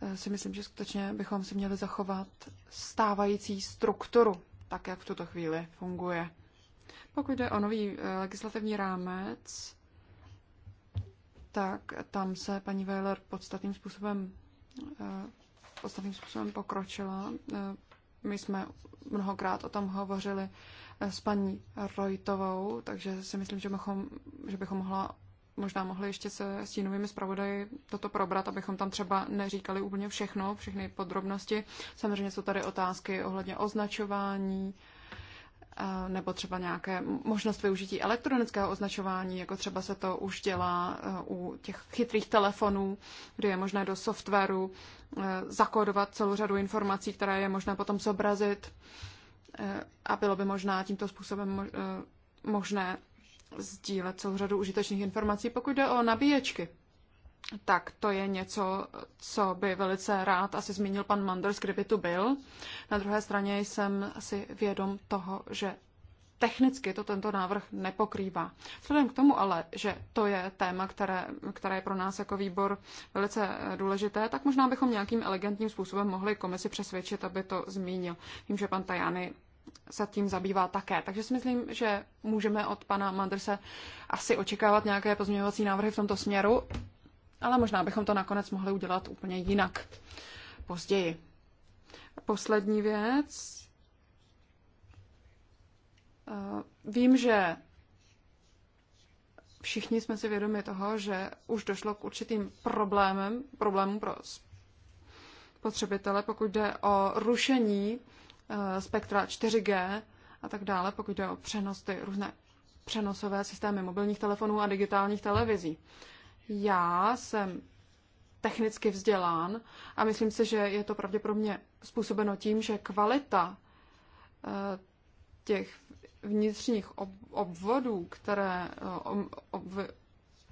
eh, si myslím, že skutečně bychom si měli zachovat stávající strukturu, tak jak v tuto chvíli funguje. Pokud jde o nový eh, legislativní rámec, tak tam se paní Weiler podstatným způsobem, eh, podstatným způsobem pokročila. Eh, my jsme mnohokrát o tom hovořili eh, s paní Rojtovou, takže si myslím, že bychom, že bychom mohla, možná mohli ještě se stínovými zpravodaji toto probrat, abychom tam třeba neříkali úplně všechno, všechny podrobnosti. Samozřejmě jsou tady otázky ohledně označování, nebo třeba nějaké možnost využití elektronického označování, jako třeba se to už dělá e, u těch chytrých telefonů, kde je možné do softwaru e, zakodovat celou řadu informací, které je možné potom zobrazit e, a bylo by možná tímto způsobem možné sdílet celou řadu užitečných informací, pokud jde o nabíječky tak to je něco, co by velice rád asi zmínil pan Manders, kdyby tu byl. Na druhé straně jsem si vědom toho, že technicky to tento návrh nepokrývá. Vzhledem k tomu ale, že to je téma, které, které je pro nás jako výbor velice důležité, tak možná bychom nějakým elegantním způsobem mohli komisi přesvědčit, aby to zmínil. Vím, že pan Tajany se tím zabývá také. Takže si myslím, že můžeme od pana Mandrse asi očekávat nějaké pozměňovací návrhy v tomto směru ale možná bychom to nakonec mohli udělat úplně jinak později. Poslední věc. Eh, vím, že všichni jsme si vědomi toho, že už došlo k určitým problémem, problémům pro spotřebitele, pokud jde o rušení eh, spektra 4G a tak dále, pokud jde o přenos, ty různé přenosové systémy mobilních telefonů a digitálních televizí. Já jsem technicky vzdělán a myslím si, že je to pravděpodobně způsobeno tím, že kvalita eh, těch vnitřních obvodů, které eh,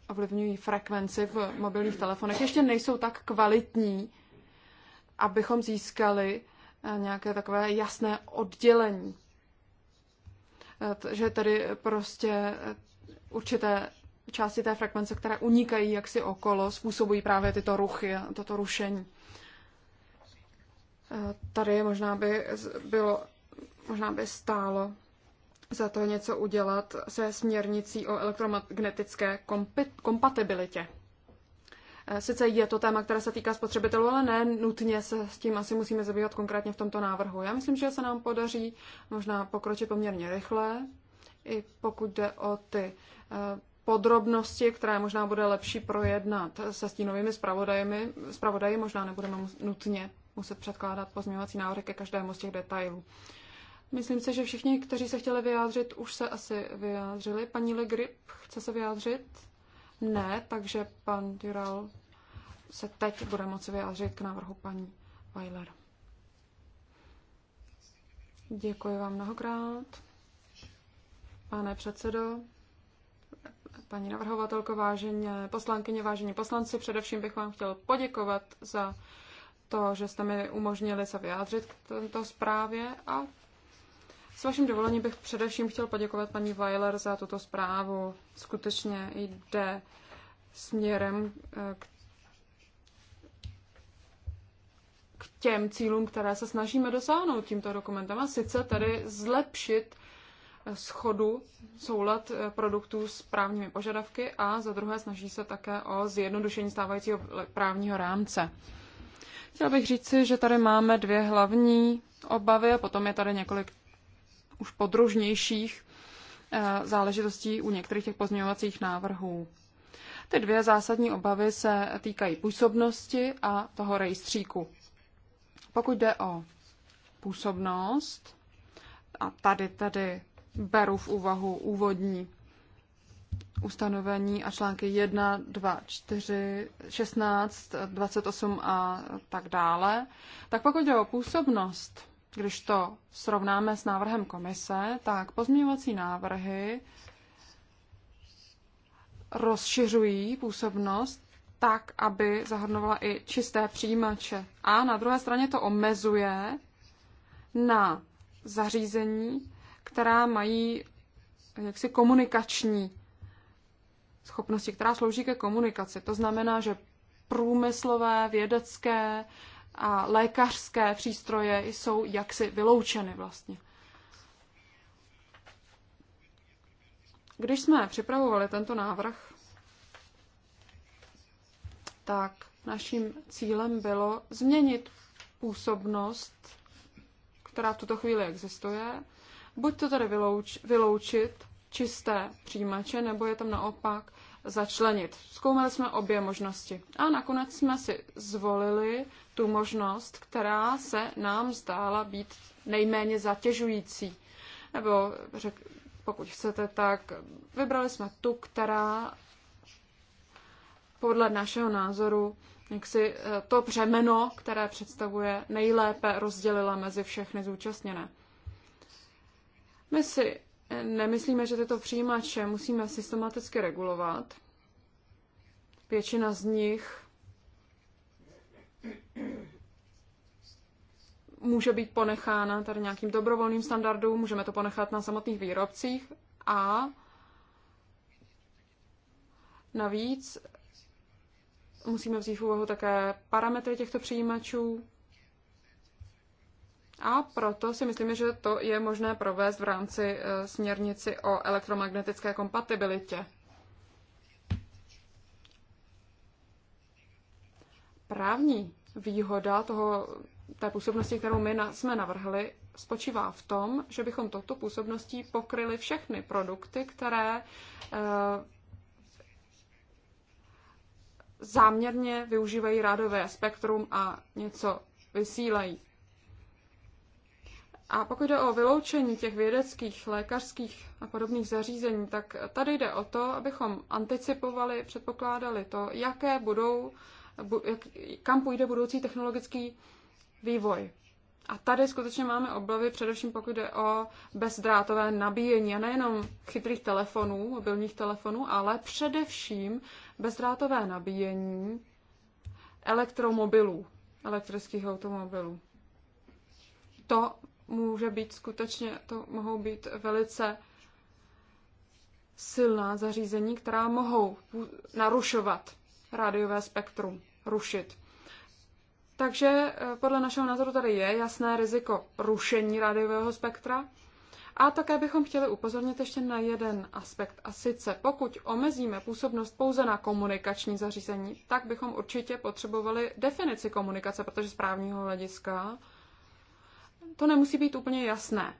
ovlivňují frekvenci v mobilních telefonech, ještě nejsou tak kvalitní, abychom získali eh, nějaké takové jasné oddělení. Že tedy prostě určité části té frekvence, které unikají jaksi okolo, způsobují právě tyto ruchy a toto rušení. E, tady možná by bylo, možná by stálo za to něco udělat se směrnicí o elektromagnetické kompatibilitě. E, sice je to téma, které se týká spotřebitelů, ale ne nutně se s tím asi musíme zabývat konkrétně v tomto návrhu. Já myslím, že se nám podaří možná pokročit poměrně rychle, i pokud jde o ty e, podrobnosti, které možná bude lepší projednat se stínovými zpravodajemi. Zpravodaji možná nebudeme nutně muset předkládat pozměňovací návrhy ke každému z těch detailů. Myslím si, že všichni, kteří se chtěli vyjádřit, už se asi vyjádřili. Paní Legrip chce se vyjádřit? Ne, takže pan Dural se teď bude moci vyjádřit k návrhu paní Weiler. Děkuji vám mnohokrát. Pane předsedo, paní navrhovatelko, vážení poslankyně, vážení poslanci, především bych vám chtěl poděkovat za to, že jste mi umožnili se vyjádřit k této zprávě a s vaším dovolením bych především chtěl poděkovat paní Weiler za tuto zprávu. Skutečně jde směrem eh, k k těm cílům, které se snažíme dosáhnout tímto dokumentem, a sice tedy zlepšit schodu, soulad eh, produktů s právními požadavky a za druhé snaží se také o zjednodušení stávajícího právního rámce. Chtěla bych říci, že tady máme dvě hlavní obavy a potom je tady několik už podružnějších eh, záležitostí u některých těch pozměňovacích návrhů. Ty dvě zásadní obavy se týkají působnosti a toho rejstříku. Pokud jde o působnost, a tady tedy beru v úvahu úvodní ustanovení a články 1, 2, 4, 16, 28 a tak dále. Tak pokud jde o působnost, když to srovnáme s návrhem komise, tak pozměňovací návrhy rozšiřují působnost tak, aby zahrnovala i čisté přijímače. A na druhé straně to omezuje na zařízení, která mají jaksi komunikační schopnosti, která slouží ke komunikaci. To znamená, že průmyslové, vědecké a lékařské přístroje jsou jaksi vyloučeny vlastně. Když jsme připravovali tento návrh, tak naším cílem bylo změnit působnost, která v tuto chvíli existuje, Buď to tedy vylouč, vyloučit čisté přijímače, nebo je tam naopak začlenit. Zkoumali jsme obě možnosti a nakonec jsme si zvolili tu možnost, která se nám zdála být nejméně zatěžující. Nebo řek, pokud chcete, tak vybrali jsme tu, která podle našeho názoru jak si eh, to břemeno, které představuje, nejlépe rozdělila mezi všechny zúčastněné. My si nemyslíme, že tyto přijímače musíme systematicky regulovat. Většina z nich může být ponechána tady nějakým dobrovolným standardům, můžeme to ponechat na samotných výrobcích a navíc musíme vzít v úvahu také parametry těchto přijímačů, a proto si myslíme, že to je možné provést v rámci e, směrnici o elektromagnetické kompatibilitě. Právní výhoda toho, té působnosti, kterou my na, jsme navrhli, spočívá v tom, že bychom touto působností pokryli všechny produkty, které e, záměrně využívají rádové spektrum a něco vysílají. A pokud jde o vyloučení těch vědeckých, lékařských a podobných zařízení, tak tady jde o to, abychom anticipovali, předpokládali to, jaké budou, jak, kam půjde budoucí technologický vývoj. A tady skutečně máme obavy, především pokud jde o bezdrátové nabíjení, a nejenom chytrých telefonů, mobilních telefonů, ale především bezdrátové nabíjení elektromobilů, elektrických automobilů. To může být skutečně, to mohou být velice silná zařízení, která mohou narušovat rádiové spektrum, rušit. Takže eh, podle našeho názoru tady je jasné riziko rušení rádiového spektra. A také bychom chtěli upozornit ještě na jeden aspekt. A sice pokud omezíme působnost pouze na komunikační zařízení, tak bychom určitě potřebovali definici komunikace, protože z právního hlediska to nemusí být úplně jasné.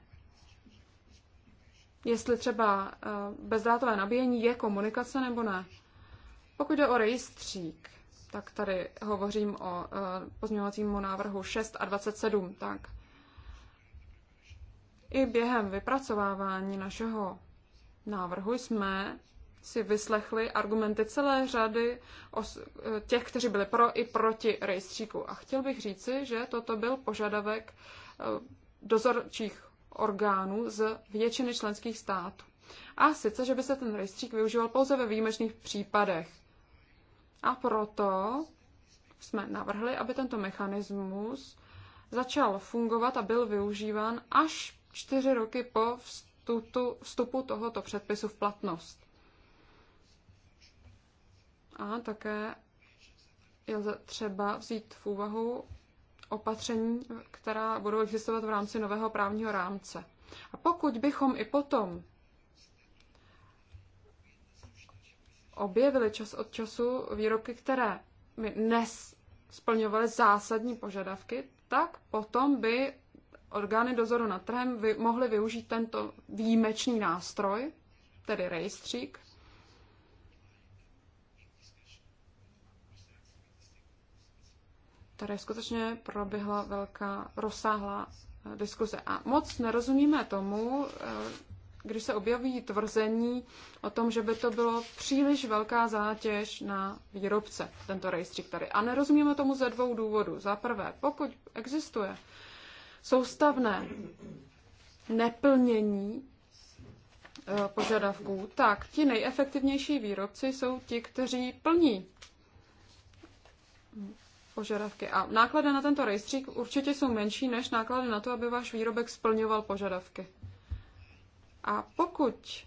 Jestli třeba eh, bezdrátové nabíjení je komunikace nebo ne. Pokud jde o rejstřík, tak tady hovořím o eh, pozměňovacím návrhu 6 a 27. Tak i během vypracovávání našeho návrhu jsme si vyslechli argumenty celé řady os- eh, těch, kteří byli pro i proti rejstříku. A chtěl bych říci, že toto byl požadavek Eh, dozorčích orgánů z většiny členských států. A sice, že by se ten rejstřík využíval pouze ve výjimečných případech. A proto jsme navrhli, aby tento mechanismus začal fungovat a byl využíván až čtyři roky po vstupu, vstupu tohoto předpisu v platnost. A také je třeba vzít v úvahu opatření, která budou existovat v rámci nového právního rámce. A pokud bychom i potom objevili čas od času výrobky, které by nesplňovaly zásadní požadavky, tak potom by orgány dozoru nad trhem mohly využít tento výjimečný nástroj, tedy rejstřík, tady skutečně proběhla velká, rozsáhlá eh, diskuze. A moc nerozumíme tomu, eh, když se objeví tvrzení o tom, že by to bylo příliš velká zátěž na výrobce, tento rejstřík tady. A nerozumíme tomu ze dvou důvodů. Za prvé, pokud existuje soustavné neplnění eh, požadavků, tak ti nejefektivnější výrobci jsou ti, kteří plní požadavky. A náklady na tento rejstřík určitě jsou menší než náklady na to, aby váš výrobek splňoval požadavky. A pokud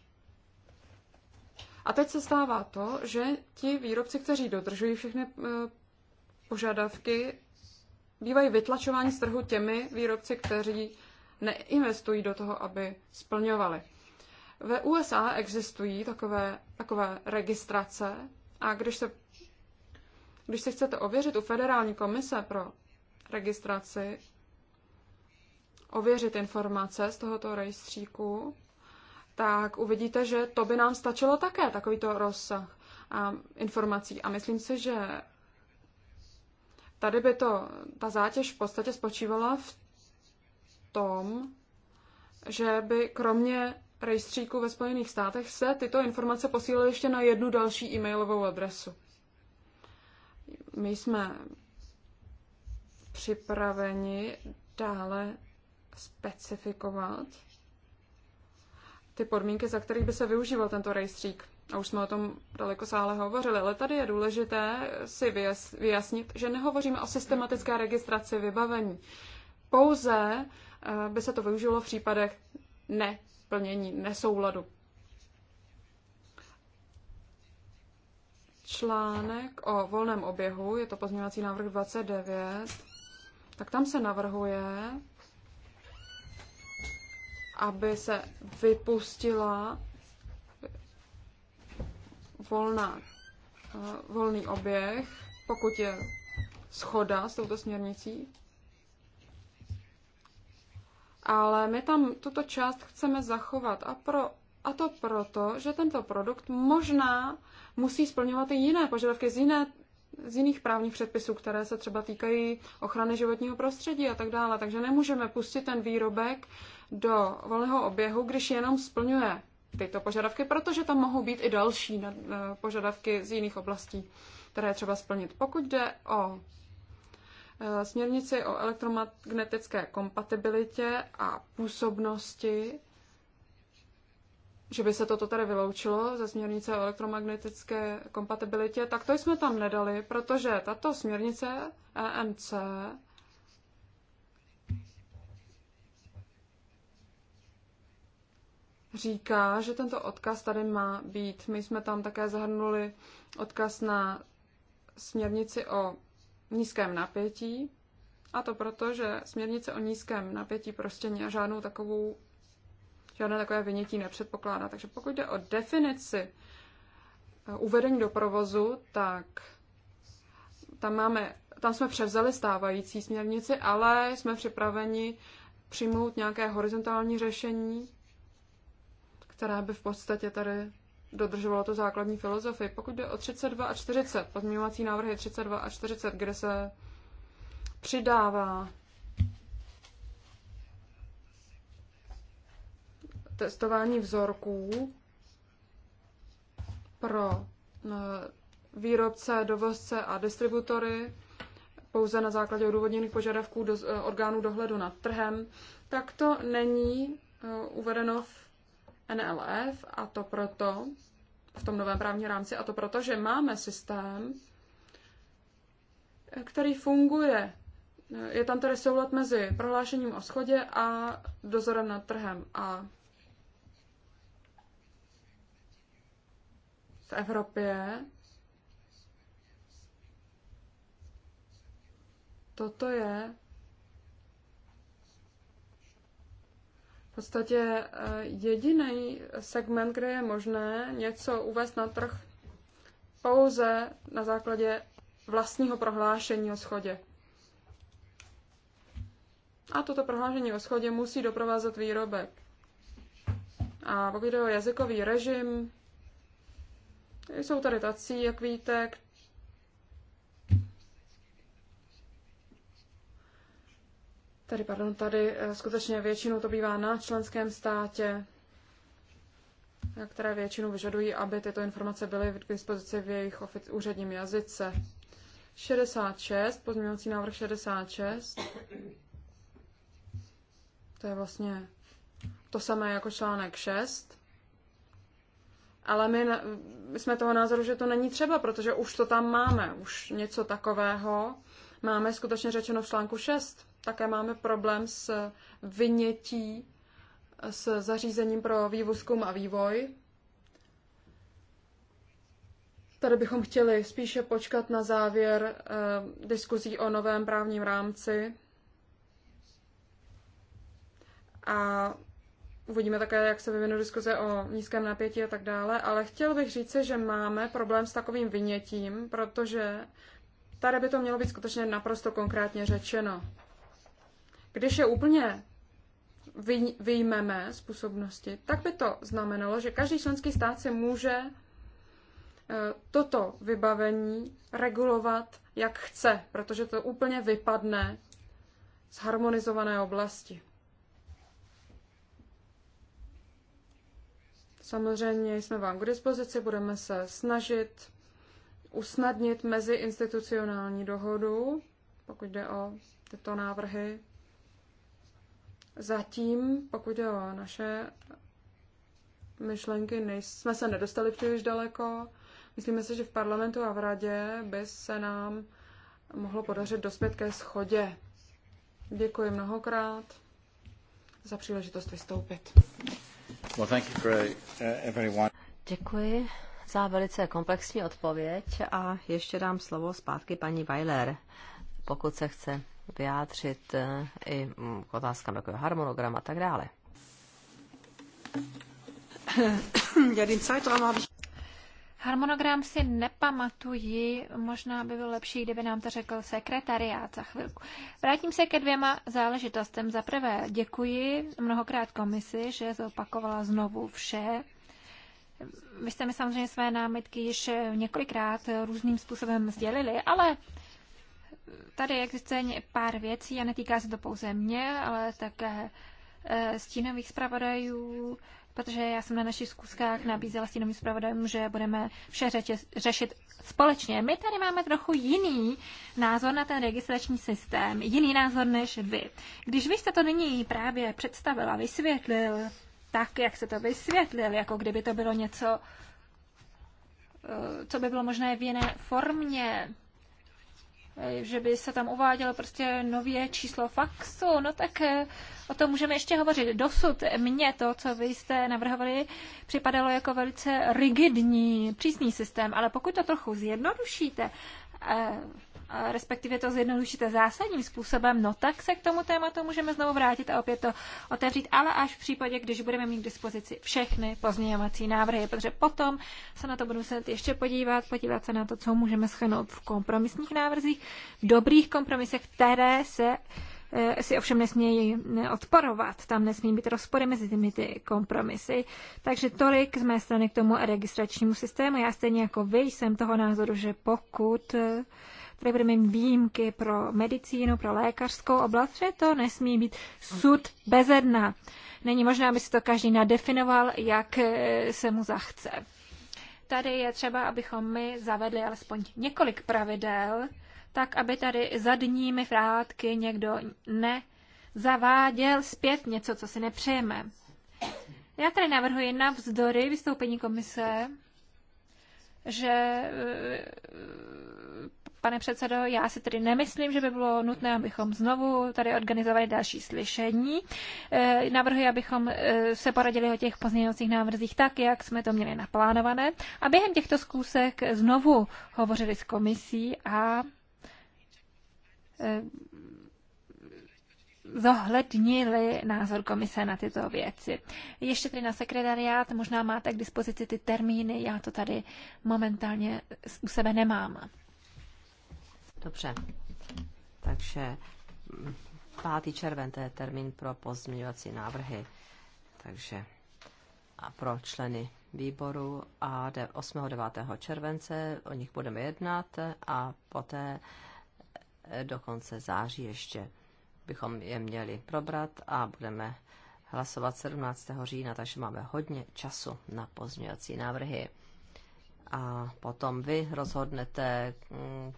a teď se stává to, že ti výrobci, kteří dodržují všechny eh, požadavky, bývají vytlačováni z trhu těmi výrobci, kteří neinvestují do toho, aby splňovali. Ve USA existují takové, takové registrace a když se když si chcete ověřit u Federální komise pro registraci, ověřit informace z tohoto rejstříku, tak uvidíte, že to by nám stačilo také, takovýto rozsah a informací. A myslím si, že tady by to, ta zátěž v podstatě spočívala v tom, že by kromě rejstříku ve Spojených státech se tyto informace posílaly ještě na jednu další e-mailovou adresu. My jsme připraveni dále specifikovat ty podmínky, za kterých by se využíval tento rejstřík. A už jsme o tom daleko sále hovořili, ale tady je důležité si vyjasnit, že nehovoříme o systematické registraci vybavení. Pouze eh, by se to využilo v případech neplnění, nesouladu. článek o volném oběhu, je to pozměňovací návrh 29, tak tam se navrhuje, aby se vypustila volná, eh, volný oběh, pokud je schoda s touto směrnicí. Ale my tam tuto část chceme zachovat a pro a to proto, že tento produkt možná musí splňovat i jiné požadavky z, jiné, z jiných právních předpisů, které se třeba týkají ochrany životního prostředí a tak dále. Takže nemůžeme pustit ten výrobek do volného oběhu, když jenom splňuje tyto požadavky, protože tam mohou být i další eh, požadavky z jiných oblastí, které třeba splnit. Pokud jde o eh, směrnici o elektromagnetické kompatibilitě a působnosti, že by se toto tady vyloučilo ze směrnice o elektromagnetické kompatibilitě, tak to jsme tam nedali, protože tato směrnice EMC říká, že tento odkaz tady má být. My jsme tam také zahrnuli odkaz na směrnici o nízkém napětí. A to proto, že směrnice o nízkém napětí prostě žádnou takovou žádné takové vynětí nepředpokládá. Takže pokud jde o definici eh, uvedení do provozu, tak tam, máme, tam jsme převzali stávající směrnici, ale jsme připraveni přijmout nějaké horizontální řešení, která by v podstatě tady dodržovalo to základní filozofii. Pokud jde o 32 a 40, pozměňovací návrhy 32 a 40, kde se přidává testování vzorků pro eh, výrobce, dovozce a distributory pouze na základě odůvodněných požadavků do, eh, orgánů dohledu nad trhem, tak to není eh, uvedeno v NLF a to proto, v tom novém právním rámci, a to proto, že máme systém, který funguje. Je tam tedy soulad mezi prohlášením o schodě a dozorem nad trhem. A v Evropě. Toto je v podstatě eh, jediný segment, kde je možné něco uvést na trh pouze na základě vlastního prohlášení o schodě. A toto prohlášení o schodě musí doprovázet výrobek. A pokud jde o jazykový režim, jsou tady tací, jak víte, Tady, pardon, tady eh, skutečně většinou to bývá na členském státě, které většinou vyžadují, aby tyto informace byly k dispozici v jejich úředním jazyce. 66, pozměňovací návrh 66. To je vlastně to samé jako článek 6 ale my, my jsme toho názoru, že to není třeba, protože už to tam máme, už něco takového máme skutečně řečeno v článku 6. Také máme problém s vynětí s zařízením pro vývozkům a vývoj. Tady bychom chtěli spíše počkat na závěr eh, diskuzí o novém právním rámci a Uvidíme také, jak se vyvinou diskuze o nízkém napětí a tak dále, ale chtěl bych říct, že máme problém s takovým vynětím, protože tady by to mělo být skutečně naprosto konkrétně řečeno. Když je úplně vyjmeme způsobnosti, tak by to znamenalo, že každý členský stát si může e, toto vybavení regulovat, jak chce, protože to úplně vypadne z harmonizované oblasti. Samozřejmě jsme vám k dispozici, budeme se snažit usnadnit meziinstitucionální dohodu, pokud jde o tyto návrhy. Zatím, pokud jde o naše myšlenky, nejsme se nedostali příliš daleko. Myslíme si, že v parlamentu a v radě by se nám mohlo podařit dospět ke schodě. Děkuji mnohokrát za příležitost vystoupit. Uh, Děkuji za velice komplexní odpověď a ještě dám slovo zpátky paní Weiler, pokud se chce vyjádřit eh, i mm, k otázkám jako harmonogram a tak dále. [COUGHS] Já den Zeitraum habe Harmonogram si nepamatuji, možná by bylo lepší, kdyby nám to řekl sekretariát za chvilku. Vrátím se ke dvěma záležitostem. Za prvé děkuji mnohokrát komisi, že zopakovala znovu vše. Vy jste mi samozřejmě své námitky již několikrát různým způsobem sdělili, ale tady existuje pár věcí a netýká se to pouze mě, ale také eh, stínových zpravodajů, protože já jsem na našich zkuskách nabízela stínovým zpravodajům, že budeme vše řeči, řešit společně. My tady máme trochu jiný názor na ten registrační systém, jiný názor než vy. Když vy jste to nyní právě představila, vysvětlil, tak, jak se to vysvětlil, jako kdyby to bylo něco, eh, co by bylo možné v jiné formě, že by se tam uvádělo prostě nově číslo faxu, no tak eh, o tom můžeme ještě hovořit. Dosud mně to, co vy jste navrhovali, připadalo jako velice rigidní, přísný systém, ale pokud to trochu zjednodušíte, eh, respektive to zjednodušíte zásadním způsobem, no tak se k tomu tématu můžeme znovu vrátit a opět to otevřít, ale až v případě, když budeme mít k dispozici všechny pozměňovací návrhy, protože potom se na to budu muset ještě podívat, podívat se na to, co můžeme schrnout v kompromisních návrzích, v dobrých kompromisech, které se eh, si ovšem nesmějí odporovat. Tam nesmí být rozpory mezi těmi ty kompromisy. Takže tolik z mé strany k tomu registračnímu systému. Já stejně jako vy jsem toho názoru, že pokud eh, tady budeme mít výjimky pro medicínu, pro lékařskou oblast, že to nesmí být sud beze dna. Není možné, aby si to každý nadefinoval, jak e, se mu zachce. Tady je třeba, abychom my zavedli alespoň několik pravidel, tak aby tady zadními vrátky někdo nezaváděl zpět něco, co si nepřejeme. Já tady navrhuji navzdory vystoupení komise, že e, pane předsedo. Já si tedy nemyslím, že by bylo nutné, abychom znovu tady organizovali další slyšení. Eh, navrhuji, abychom eh, se poradili o těch pozměňovacích návrzích tak, jak jsme to měli naplánované. A během těchto zkusek znovu hovořili s komisí a eh, zohlednili názor komise na tyto věci. Ještě tedy na sekretariát, možná máte k dispozici ty termíny, já to tady momentálně u sebe nemám. Dobře. Takže 5. červen, to je termín pro pozměňovací návrhy. Takže a pro členy výboru a 8. 9. července o nich budeme jednat a poté eh, do konce září ještě bychom je měli probrat a budeme hlasovat 17. října, takže máme hodně času na pozměňovací návrhy. A potom vy rozhodnete, mm,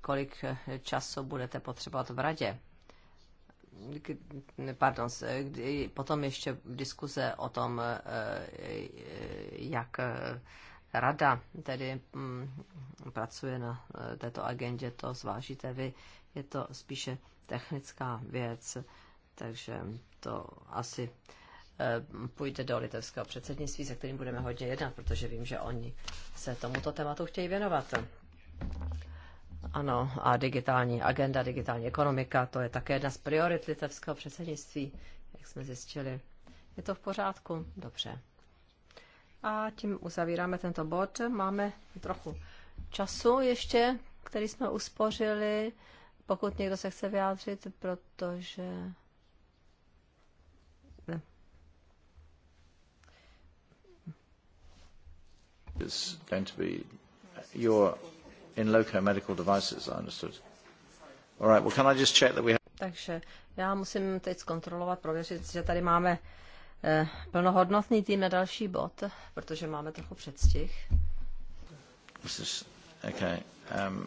kolik času budete potřebovat v radě. Pardon, potom ještě diskuze o tom, eh, jak rada tedy mm, pracuje na eh, této agendě, to zvážíte vy. Je to spíše technická věc, takže to asi eh, půjde do litevského předsednictví, se kterým budeme hodně jednat, protože vím, že oni se tomuto tématu chtějí věnovat. Ano, a digitální agenda, digitální ekonomika, to je také jedna z priorit litevského předsednictví, jak jsme zjistili. Je to v pořádku? Dobře. A tím uzavíráme tento bod. Máme trochu času ještě, který jsme uspořili, pokud někdo se chce vyjádřit, protože... Ne. going to be your in loco medical devices, I understood. All right, well, can I just check that we have... Takže já musím teď zkontrolovat, prověřit, že tady máme eh, plnohodnotný tým na další bod, protože máme trochu předstih. This is, okay. Um,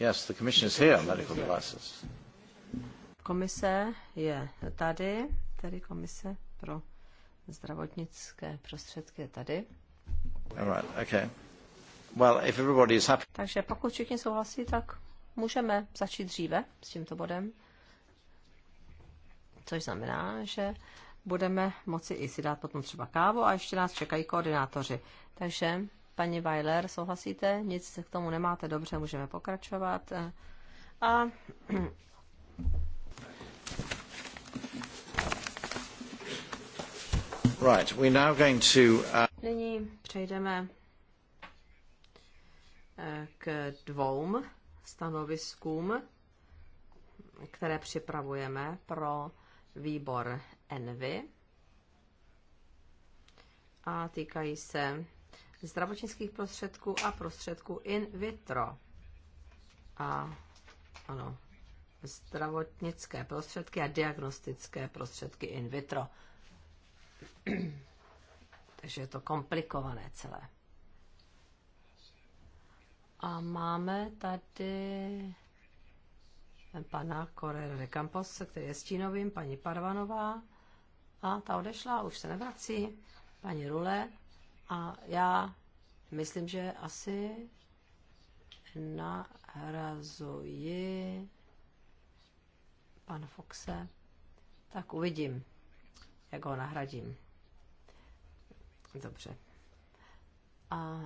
yes, the commission is here on medical devices. Komise je tady, tedy komise pro zdravotnické prostředky je tady. All right, okay. Well, if everybody is happy... Takže pokud všichni souhlasí, tak můžeme začít dříve s tímto bodem. Což znamená, že budeme moci i si dát potom třeba kávu a ještě nás čekají koordinátoři. Takže, paní Weiler, souhlasíte? Nic se k tomu nemáte, dobře, můžeme pokračovat. A Right, we're now going to, uh... Nyní přejdeme k dvou stanoviskům, které připravujeme pro výbor Envy a týkají se zdravotnických prostředků a prostředků in vitro. A ano, zdravotnické prostředky a diagnostické prostředky in vitro. [CLEARS THROAT] Takže je to komplikované celé. A máme tady pana Correa de Campos, který je stínovým, paní Parvanová. A ta odešla, už se nevrací, paní Rule. A já myslím, že asi nahrazuji pan Foxe. Tak uvidím, jak ho nahradím. Dobře. A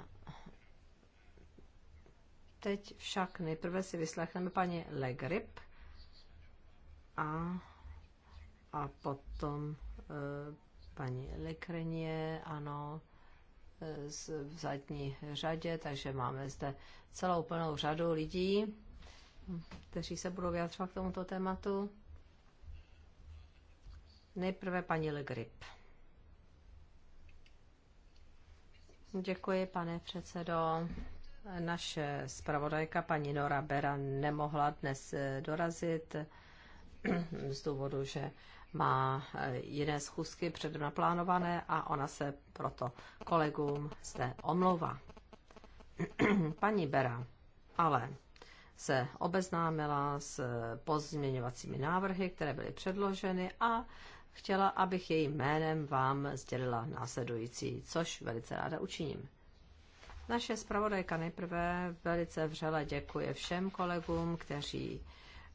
Teď však nejprve si vyslechneme paní Legrip a, a potom e, paní Lekrenie ano, eh, z, v zadní řadě, takže máme zde celou plnou řadu lidí, kteří se budou vyjadřovat k tomuto tématu. Nejprve paní Legrip. Děkuji, pane předsedo. Naše zpravodajka paní Nora Bera nemohla dnes eh, dorazit [CLEARS THROAT] z důvodu, že má eh, jiné schůzky předem naplánované a ona se proto kolegům zde omlouvá. [CLEARS THROAT] paní Bera ale se obeznámila s eh, pozměňovacími návrhy, které byly předloženy a chtěla, abych jejím jménem vám sdělila následující, což velice ráda učiním. Naše zpravodajka nejprve velice vřele děkuje všem kolegům, kteří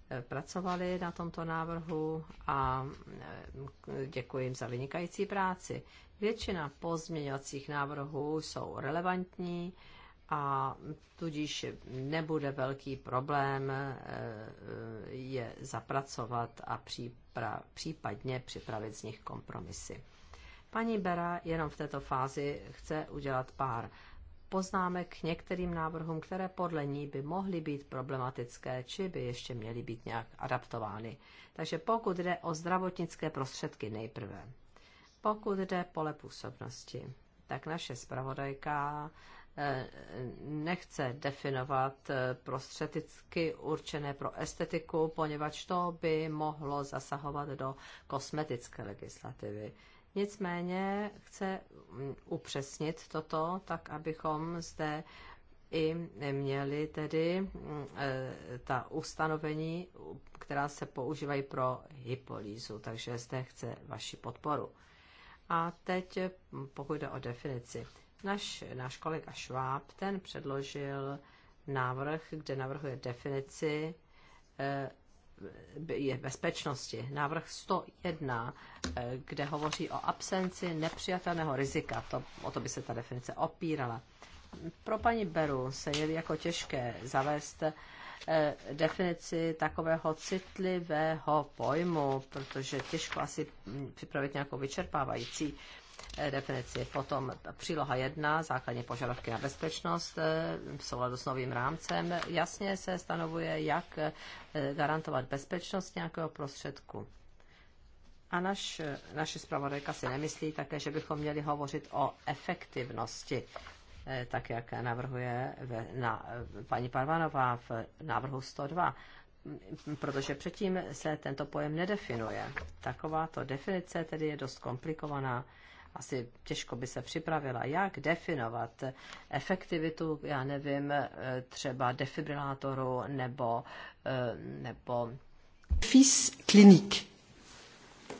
eh, pracovali na tomto návrhu a eh, děkuji jim za vynikající práci. Většina pozměňovacích návrhů jsou relevantní a tudíž nebude velký problém eh, je zapracovat a přípra- případně připravit z nich kompromisy. Paní Bera jenom v této fázi chce udělat pár poznámek k některým návrhům, které podle ní by mohly být problematické, či by ještě měly být nějak adaptovány. Takže pokud jde o zdravotnické prostředky nejprve, pokud jde pole působnosti, tak naše zpravodajka eh, nechce definovat eh, prostředky určené pro estetiku, poněvadž to by mohlo zasahovat do kosmetické legislativy. Nicméně chce mm, upřesnit toto, tak abychom zde i měli tedy mm, e, ta ustanovení, která se používají pro hypolízu, takže zde chce vaši podporu. A teď, mm, pokud jde o definici, náš, náš kolega Šváb, ten předložil návrh, kde navrhuje definici e, je bezpečnosti. Návrh 101, eh, kde hovoří o absenci nepřijatelného rizika. To, o to by se ta definice opírala. Pro paní Beru se jeví jako těžké zavést eh, definici takového citlivého pojmu, protože těžko asi mm, připravit nějakou vyčerpávající Eh, definici. Potom příloha 1, základní požadavky na bezpečnost eh, v souladu s novým rámcem, jasně se stanovuje, jak eh, garantovat bezpečnost nějakého prostředku. A naš, naše zpravodajka si nemyslí také, že bychom měli hovořit o efektivnosti, tak jak navrhuje ve, na, paní Parvanová v návrhu 102 protože předtím se tento pojem nedefinuje. Takováto definice tedy je dost komplikovaná asi těžko by se připravila, jak definovat efektivitu, já nevím, eh, třeba defibrilátoru nebo, eh, nebo FIS klinik.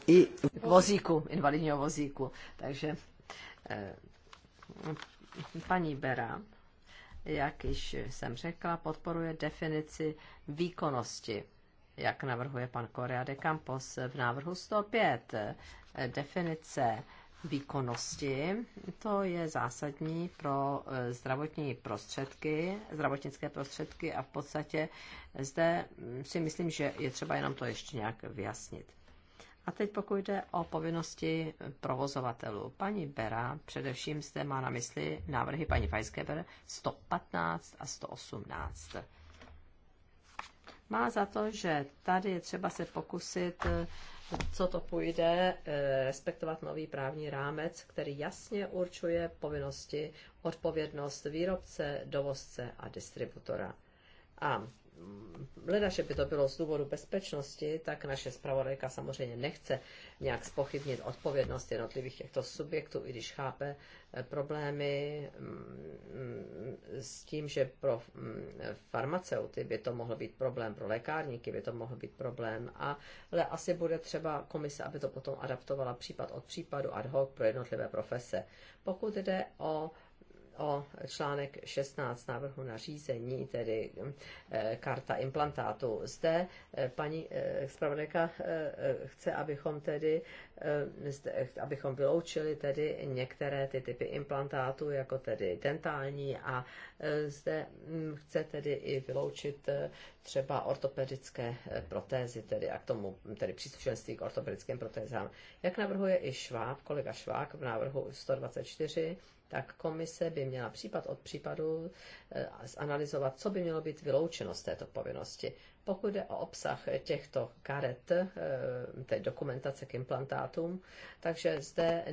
I vozíku, invalidního vozíku. Takže eh, paní Bera, jak již jsem řekla, podporuje definici výkonnosti, jak navrhuje pan Korea de Campos v návrhu 105. Definice výkonnosti. To je zásadní pro e, zdravotní prostředky, zdravotnické prostředky a v podstatě zde mm, si myslím, že je třeba jenom to ještě nějak vyjasnit. A teď pokud jde o povinnosti provozovatelů. Paní Bera především zde má na mysli návrhy paní Weisgeber 115 a 118 má za to, že tady je třeba se pokusit, eh, co to půjde, eh, respektovat nový právní rámec, který jasně určuje povinnosti, odpovědnost výrobce, dovozce a distributora. A Ledaše že by to bylo z důvodu bezpečnosti, tak naše zpravodajka samozřejmě nechce nějak spochybnit odpovědnost jednotlivých těchto subjektů, i když chápe eh, problémy mm, mm, s tím, že pro mm, farmaceuty by to mohl být problém, pro lékárníky by to mohl být problém, a, ale asi bude třeba komise, aby to potom adaptovala případ od případu ad hoc pro jednotlivé profese. Pokud jde o o článek 16 návrhu nařízení, tedy eh, karta implantátu. Zde eh, paní eh, zpravodajka chce, abychom tedy abychom vyloučili tedy některé ty typy implantátů, jako tedy dentální a zde hm, chce tedy i vyloučit třeba ortopedické protézy, tedy a k tomu hm, tedy příslušenství k ortopedickým protézám. Jak navrhuje i Šváb, kolega Švák v návrhu 124, tak komise by měla případ od případu eh, zanalizovat, co by mělo být vyloučeno z této povinnosti. Pokud jde o obsah těchto karet, eh, té dokumentace k implantátům, takže zde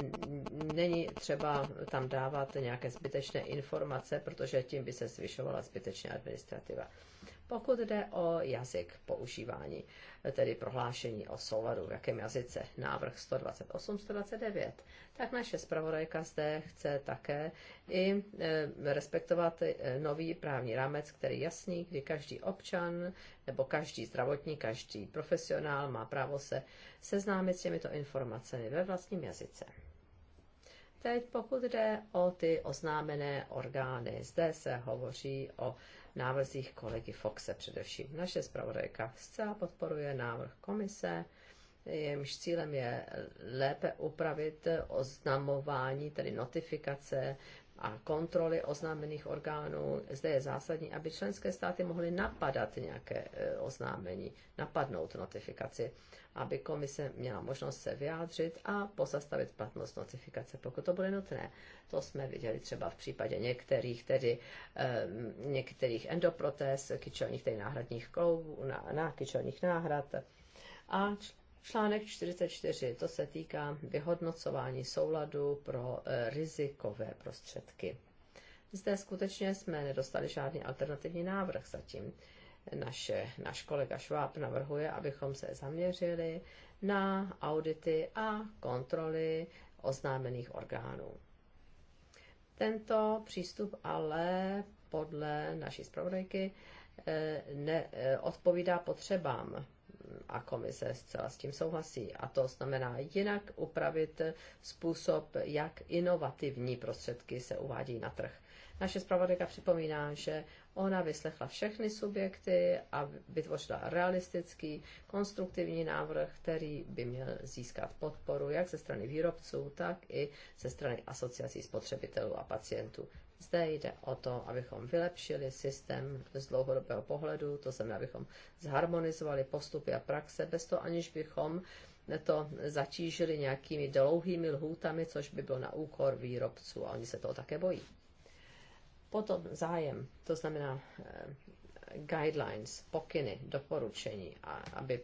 není třeba tam dávat nějaké zbytečné informace, protože tím by se zvyšovala zbytečná administrativa. Pokud jde o jazyk používání, tedy prohlášení o souladu, v jakém jazyce, návrh 128-129, tak naše zpravodajka zde chce také i e, respektovat e, nový právní rámec, který je jasný, kdy každý občan nebo každý zdravotník, každý profesionál má právo se seznámit s těmito informacemi ve vlastním jazyce. Teď pokud jde o ty oznámené orgány, zde se hovoří o návrzích kolegy Foxe především. Naše zpravodajka zcela podporuje návrh komise, jejímž cílem je lépe upravit oznamování, tedy notifikace a kontroly oznámených orgánů. Zde je zásadní, aby členské státy mohly napadat nějaké e, oznámení, napadnout notifikaci, aby komise měla možnost se vyjádřit a pozastavit platnost notifikace, pokud to bude nutné. To jsme viděli třeba v případě některých, tedy, e, některých endoprotéz, kyčelních tedy náhradních kloubů, na, na kyčelních náhrad. A Článek 44, to se týká vyhodnocování souladu pro eh, rizikové prostředky. Zde skutečně jsme nedostali žádný alternativní návrh zatím. Naše, náš kolega Schwab navrhuje, abychom se zaměřili na audity a kontroly oznámených orgánů. Tento přístup ale podle naší zpravodajky eh, neodpovídá eh, potřebám a komise zcela s tím souhlasí. A to znamená jinak upravit způsob, jak inovativní prostředky se uvádí na trh. Naše zpravodajka připomíná, že ona vyslechla všechny subjekty a vytvořila realistický, konstruktivní návrh, který by měl získat podporu jak ze strany výrobců, tak i ze strany asociací spotřebitelů a pacientů. Zde jde o to, abychom vylepšili systém z dlouhodobého pohledu, to znamená, abychom zharmonizovali postupy a praxe, bez toho aniž bychom to zatížili nějakými dlouhými lhůtami, což by bylo na úkor výrobců a oni se toho také bojí. Potom zájem, to znamená eh, guidelines, pokyny, doporučení, a aby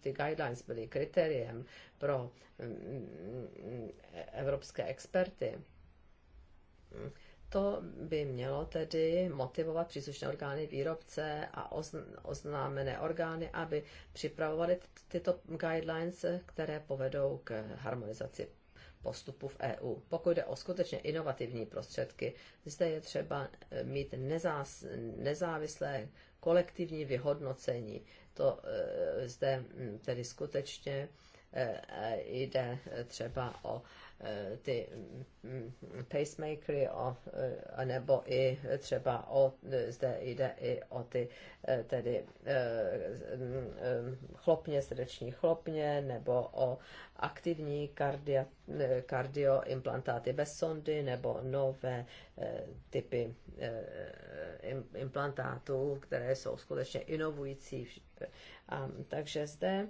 ty guidelines byly kritériem pro mm, mm, mm, evropské experty, to by mělo tedy motivovat příslušné orgány výrobce a oznámené orgány, aby připravovali tyto guidelines, které povedou k harmonizaci postupu v EU. Pokud jde o skutečně inovativní prostředky, zde je třeba e, mít nezás, nezávislé kolektivní vyhodnocení. To e, zde tedy skutečně e, jde třeba o Eh, ty mm, pacemakery o, eh, nebo i třeba o, eh, zde jde i o ty tedy mm, chlopně, srdeční chlopně nebo o aktivní kardia, kardioimplantáty bez sondy nebo nové typy implantátů, které jsou skutečně inovující takže zde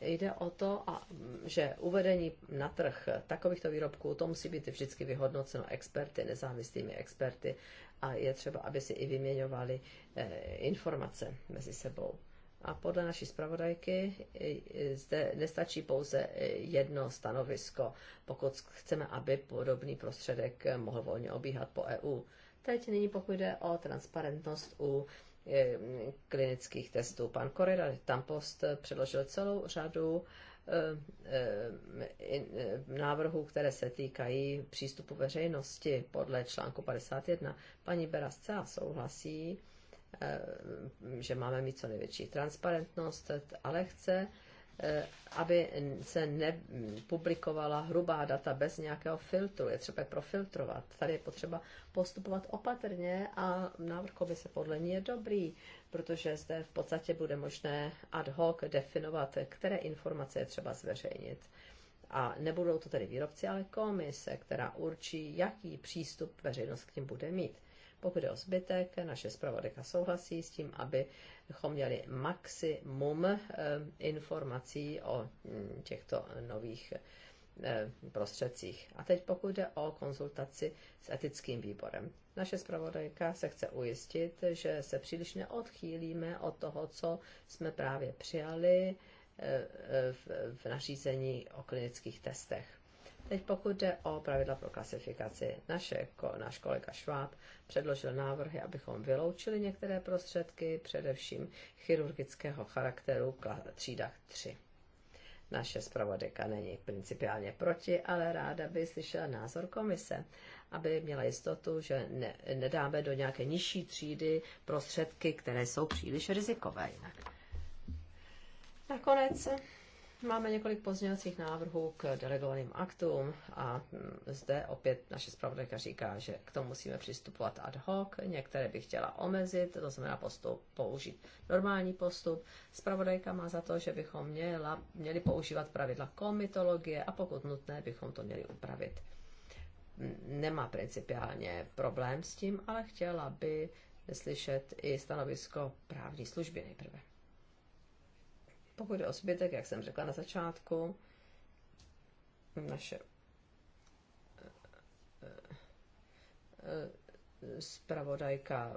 jde o to, a, že uvedení na trh takovýchto výrobků, to musí být vždycky vyhodnoceno experty, nezávislými experty a je třeba, aby si i vyměňovali e, informace mezi sebou. A podle naší zpravodajky eh, zde nestačí pouze eh, jedno stanovisko, pokud chceme, aby podobný prostředek mohl volně obíhat po EU. Teď nyní pokud jde o transparentnost u Eh, klinických testů. Pan Korida Tampost předložil celou řadu eh, eh, návrhů, které se týkají přístupu veřejnosti podle článku 51. Paní Bera zcela souhlasí, že máme mít co největší transparentnost, ale chce Eh, aby se nepublikovala hrubá data bez nějakého filtru. Je třeba je profiltrovat. Tady je potřeba postupovat opatrně a návrh komise podle ní je dobrý, protože zde v podstatě bude možné ad hoc definovat, které informace je třeba zveřejnit. A nebudou to tedy výrobci, ale komise, která určí, jaký přístup veřejnost k ním bude mít. Pokud je o zbytek, naše zpravodajka souhlasí s tím, abychom měli maximum eh, informací o mm, těchto nových eh, prostředcích. A teď pokud jde o konzultaci s etickým výborem. Naše zpravodajka se chce ujistit, že se příliš neodchýlíme od toho, co jsme právě přijali eh, v, v nařízení o klinických testech. Teď pokud jde o pravidla pro klasifikaci, naše, náš kolega Šváb předložil návrhy, abychom vyloučili některé prostředky, především chirurgického charakteru třídách 3. Naše zpravodajka není principiálně proti, ale ráda by slyšela názor komise, aby měla jistotu, že ne, nedáme do nějaké nižší třídy prostředky, které jsou příliš rizikové Nakonec Máme několik pozměňovacích návrhů k delegovaným aktům a zde opět naše zpravodajka říká, že k tomu musíme přistupovat ad hoc. Některé bych chtěla omezit, to znamená postup, použít normální postup. Zpravodajka má za to, že bychom měla, měli používat pravidla komitologie a pokud nutné, bychom to měli upravit. Nemá principiálně problém s tím, ale chtěla by slyšet i stanovisko právní služby nejprve. Pokud je o zbytek, jak jsem řekla na začátku, naše eh, eh, eh, zpravodajka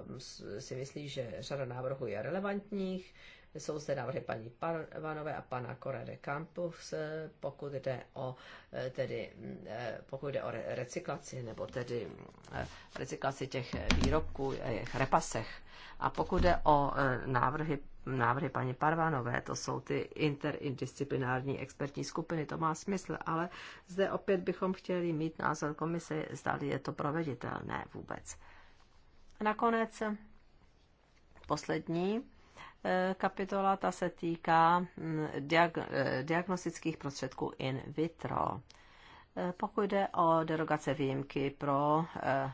si myslí, že řada návrhů je relevantních jsou zde návrhy paní Parvanové a pana Korede Campus, pokud jde o, e, tedy, e, pokud jde o recyklaci, nebo tedy e, recyklaci těch výrobků, jejich repasech. A pokud jde o návrhy návrhy paní Parvanové, to jsou ty interindisciplinární expertní skupiny, to má smysl, ale zde opět bychom chtěli mít názor komise, zda je to proveditelné vůbec. A nakonec poslední kapitola, ta se týká mm, diag- eh, diagnostických prostředků in vitro. Eh, pokud jde o derogace výjimky pro, eh,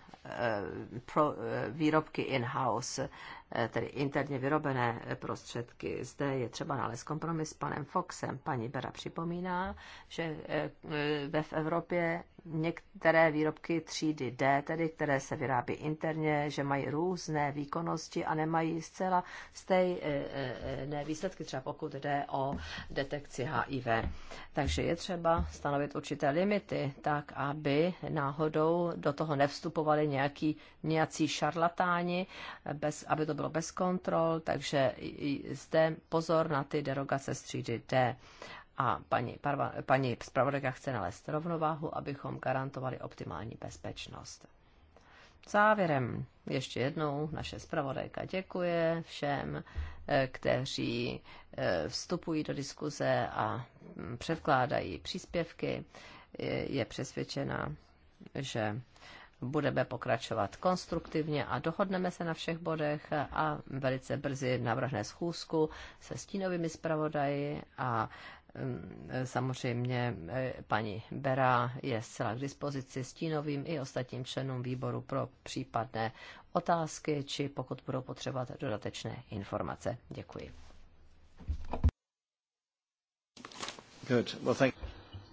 pro výrobky in-house, Eh, tedy interně vyrobené prostředky. Zde je třeba nalézt kompromis s panem Foxem. Paní Bera připomíná, že eh, eh, ve v Evropě některé výrobky třídy D, tedy které se vyrábí interně, že mají různé výkonnosti a nemají zcela stejné výsledky, třeba pokud jde o detekci HIV. Takže je třeba stanovit určité limity, tak aby náhodou do toho nevstupovali nějaký, nějací šarlatáni, bez, aby to bylo bez kontrol, takže zde pozor na ty derogace z třídy D. A paní, parva, paní zpravodajka chce nalézt rovnováhu, abychom garantovali optimální bezpečnost. Závěrem ještě jednou naše zpravodajka děkuje všem, eh, kteří eh, vstupují do diskuze a mm, předkládají příspěvky. Je přesvědčena, že budeme pokračovat konstruktivně a dohodneme se na všech bodech a velice brzy navrhne schůzku se stínovými zpravodaji a mm, Samozřejmě e, paní Bera je zcela k dispozici stínovým i ostatním členům výboru pro případné otázky, či pokud budou potřebovat dodatečné informace. Děkuji. Good. Well, thank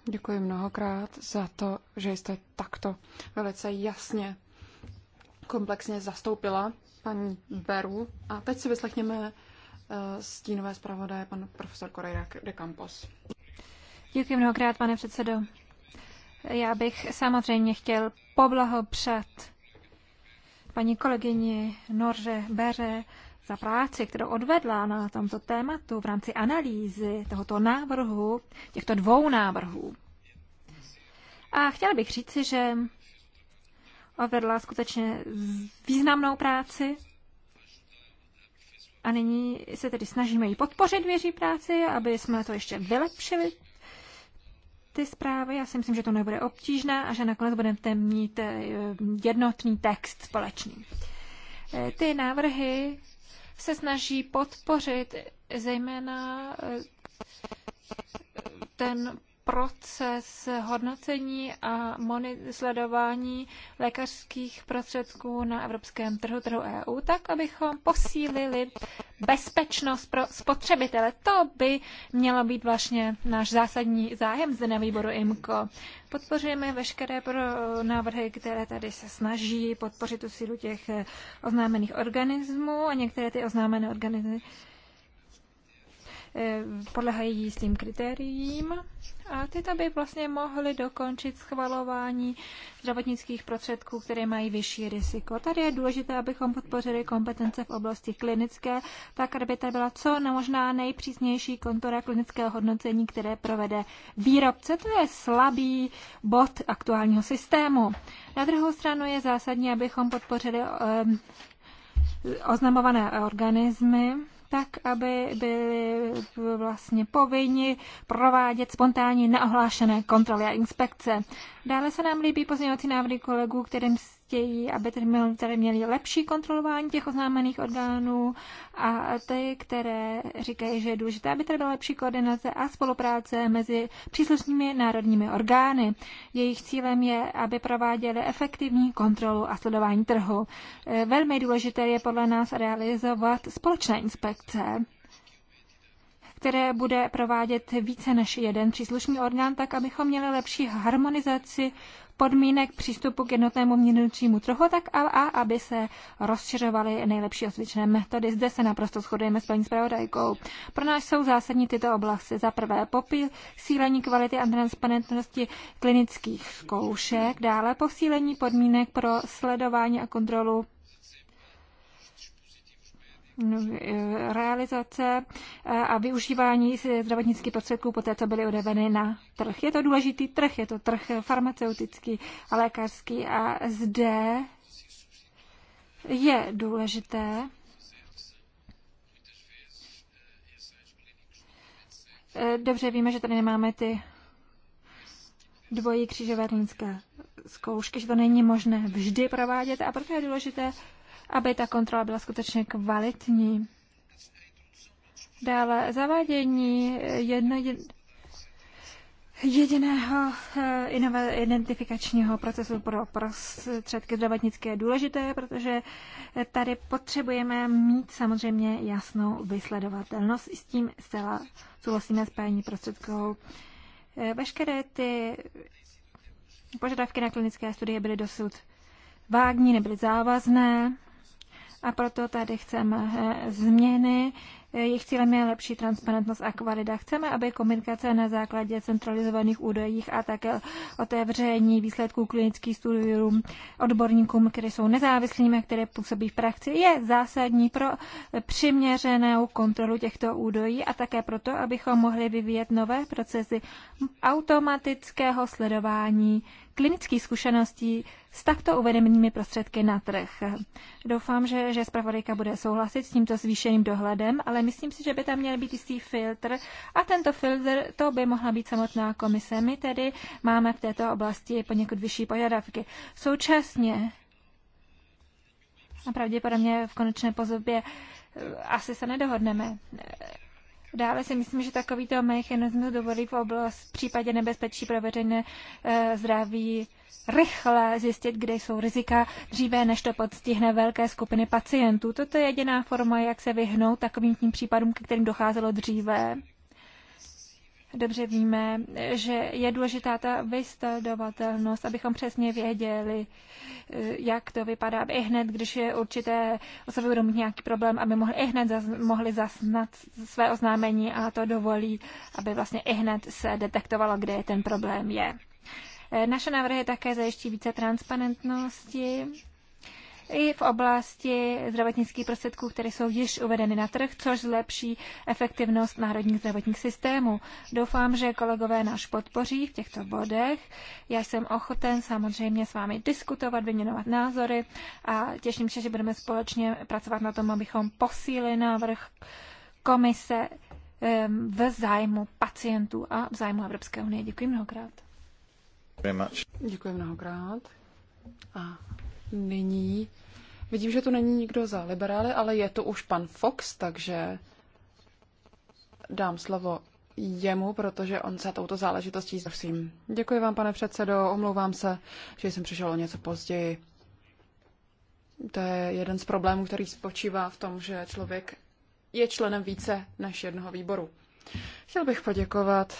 Děkuji mnohokrát za to, že jste takto velice jasně komplexně zastoupila paní Beru. A teď si vyslechněme eh, stínové zpravodaje, pan profesor Correira de Campos. Děkuji mnohokrát, pane předsedo. Já bych samozřejmě chtěl poblahopřát paní kolegyni Norže Beře za práci, kterou odvedla na tomto tématu v rámci analýzy tohoto návrhu, těchto dvou návrhů. A chtěla bych říci, že odvedla skutečně významnou práci a nyní se tedy snažíme ji podpořit věří práci, aby jsme to ještě vylepšili, ty zprávy. Já si myslím, že to nebude obtížné a že nakonec budeme mít eh, jednotný text společný. Eh, ty návrhy se snaží podpořit zejména eh, ten proces hodnocení a sledování lékařských prostředků na evropském trhu, trhu EU, tak abychom posílili bezpečnost pro spotřebitele. To by mělo být vlastně náš zásadní zájem zde na výboru IMCO. Podpoříme veškeré pro návrhy, které tady se snaží podpořit tu sílu těch oznámených organismů a některé ty oznámené organismy E, podlehají jistým kritériím a tyto by vlastně mohly dokončit schvalování zdravotnických prostředků, které mají vyšší riziko. Tady je důležité, abychom podpořili kompetence v oblasti klinické, tak aby tady byla co možná nejpřísnější kontora klinického hodnocení, které provede výrobce. To je slabý bod aktuálního systému. Na druhou stranu je zásadní, abychom podpořili ehm, oznamované organismy, tak, aby byli vlastně povinni provádět spontánní neohlášené kontroly a inspekce. Dále se nám líbí pozměňovací návrhy kolegů, kterým chtějí, aby tady měli lepší kontrolování těch oznámených orgánů a ty, které říkají, že je důležité, aby tady byla lepší koordinace a spolupráce mezi příslušnými národními orgány. Jejich cílem je, aby prováděli efektivní kontrolu a sledování trhu. E, velmi důležité je podle nás realizovat společné inspekce které bude provádět více než jeden příslušný orgán, tak abychom měli lepší harmonizaci podmínek přístupu k jednotnému měnovnímu trhu, tak a, a aby se rozšiřovaly nejlepší osvědčené metody. Zde se naprosto shodujeme s paní zpravodajkou. Pro nás jsou zásadní tyto oblasti. Za prvé sílení kvality a transparentnosti klinických zkoušek, dále posílení podmínek pro sledování a kontrolu realizace eh, a využívání zdravotnických prostředků poté, co byly odeveny na trh. Je to důležitý trh, je to trh farmaceutický a lékařský a zde je důležité, eh, Dobře víme, že tady nemáme ty dvojí křížové klinické zkoušky, že to není možné vždy provádět a proto je důležité aby ta kontrola byla skutečně kvalitní. Dále zavádění jedno, jediného eh, identifikačního procesu pro prostředky zdravotnické je důležité, protože tady potřebujeme mít samozřejmě jasnou vysledovatelnost. S tím zcela souhlasíme s paní prostředkou. Eh, veškeré ty požadavky na klinické studie byly dosud vágní, nebyly závazné a proto tady chceme eh, změny. Eh, jejich cílem je lepší transparentnost a kvalita. Chceme, aby komunikace na základě centralizovaných údajích a také otevření výsledků klinických studiů odborníkům, které jsou nezávislými a které působí v praxi, je zásadní pro přiměřenou kontrolu těchto údajů a také proto, abychom mohli vyvíjet nové procesy automatického sledování klinických zkušeností s takto uvedenými prostředky na trh. Doufám, že, že zpravodajka bude souhlasit s tímto zvýšeným dohledem, ale myslím si, že by tam měl být jistý filtr a tento filtr to by mohla být samotná komise. My tedy máme v této oblasti poněkud vyšší požadavky. Současně a pravděpodobně v konečné pozobě eh, asi se nedohodneme. Dále si myslím, že takovýto mechanismus dovolí v oblast v případě nebezpečí pro veřejné e, zdraví rychle zjistit, kde jsou rizika, dříve než to podstihne velké skupiny pacientů. Toto je jediná forma, jak se vyhnout takovým tím případům, ke kterým docházelo dříve dobře víme, že je důležitá ta vystudovatelnost, abychom přesně věděli, jak to vypadá, aby hned, když je určité osoby budou mít nějaký problém, aby mohli i hned zas, mohli zasnat své oznámení a to dovolí, aby vlastně i hned se detektovalo, kde ten problém je. Naše návrhy také zajiští více transparentnosti i v oblasti zdravotnických prostředků, které jsou již uvedeny na trh, což zlepší efektivnost národních zdravotních systémů. Doufám, že kolegové náš podpoří v těchto bodech. Já jsem ochoten samozřejmě s vámi diskutovat, vyměnovat názory a těším se, že budeme společně pracovat na tom, abychom posílili návrh komise v zájmu pacientů a v zájmu Evropské unie. Děkuji mnohokrát. Děkuji mnohokrát. A nyní vidím, že tu není nikdo za liberály, ale je tu už pan Fox, takže dám slovo jemu, protože on se touto záležitostí prosím. Děkuji vám, pane předsedo, omlouvám se, že jsem přišel o něco později. To je jeden z problémů, který spočívá v tom, že člověk je členem více než jednoho výboru. Chtěl bych poděkovat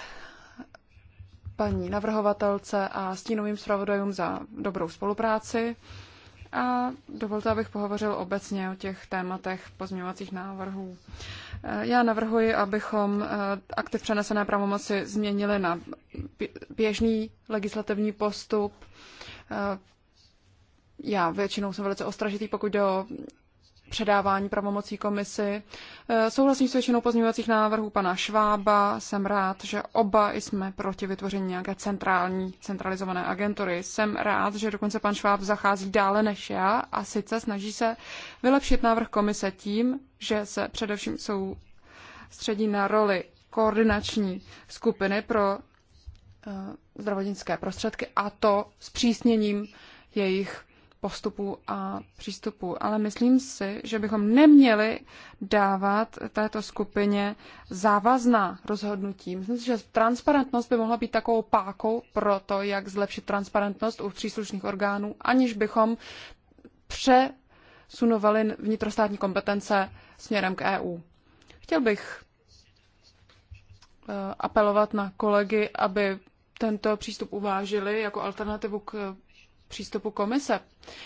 paní navrhovatelce a stínovým zpravodajům za dobrou spolupráci. A dovolte, abych pohovořil obecně o těch tématech pozměňovacích návrhů. Eh, já navrhuji, abychom eh, aktiv přenesené pravomoci změnili na běžný legislativní postup. Eh, já většinou jsem velice ostražitý, pokud jde o předávání pravomocí komisi. Eh, souhlasím s většinou pozměňovacích návrhů pana Švába. Jsem rád, že oba jsme proti vytvoření nějaké centrální, centralizované agentury. Jsem rád, že dokonce pan Šváb zachází dále než já a sice snaží se vylepšit návrh komise tím, že se především jsou středí na roli koordinační skupiny pro eh, zdravotnické prostředky a to s přísněním jejich postupů a přístupů. Ale myslím si, že bychom neměli dávat této skupině závazná rozhodnutí. Myslím si, že transparentnost by mohla být takovou pákou pro to, jak zlepšit transparentnost u příslušných orgánů, aniž bychom přesunovali vnitrostátní kompetence směrem k EU. Chtěl bych eh, apelovat na kolegy, aby tento přístup uvážili jako alternativu k přístupu komise.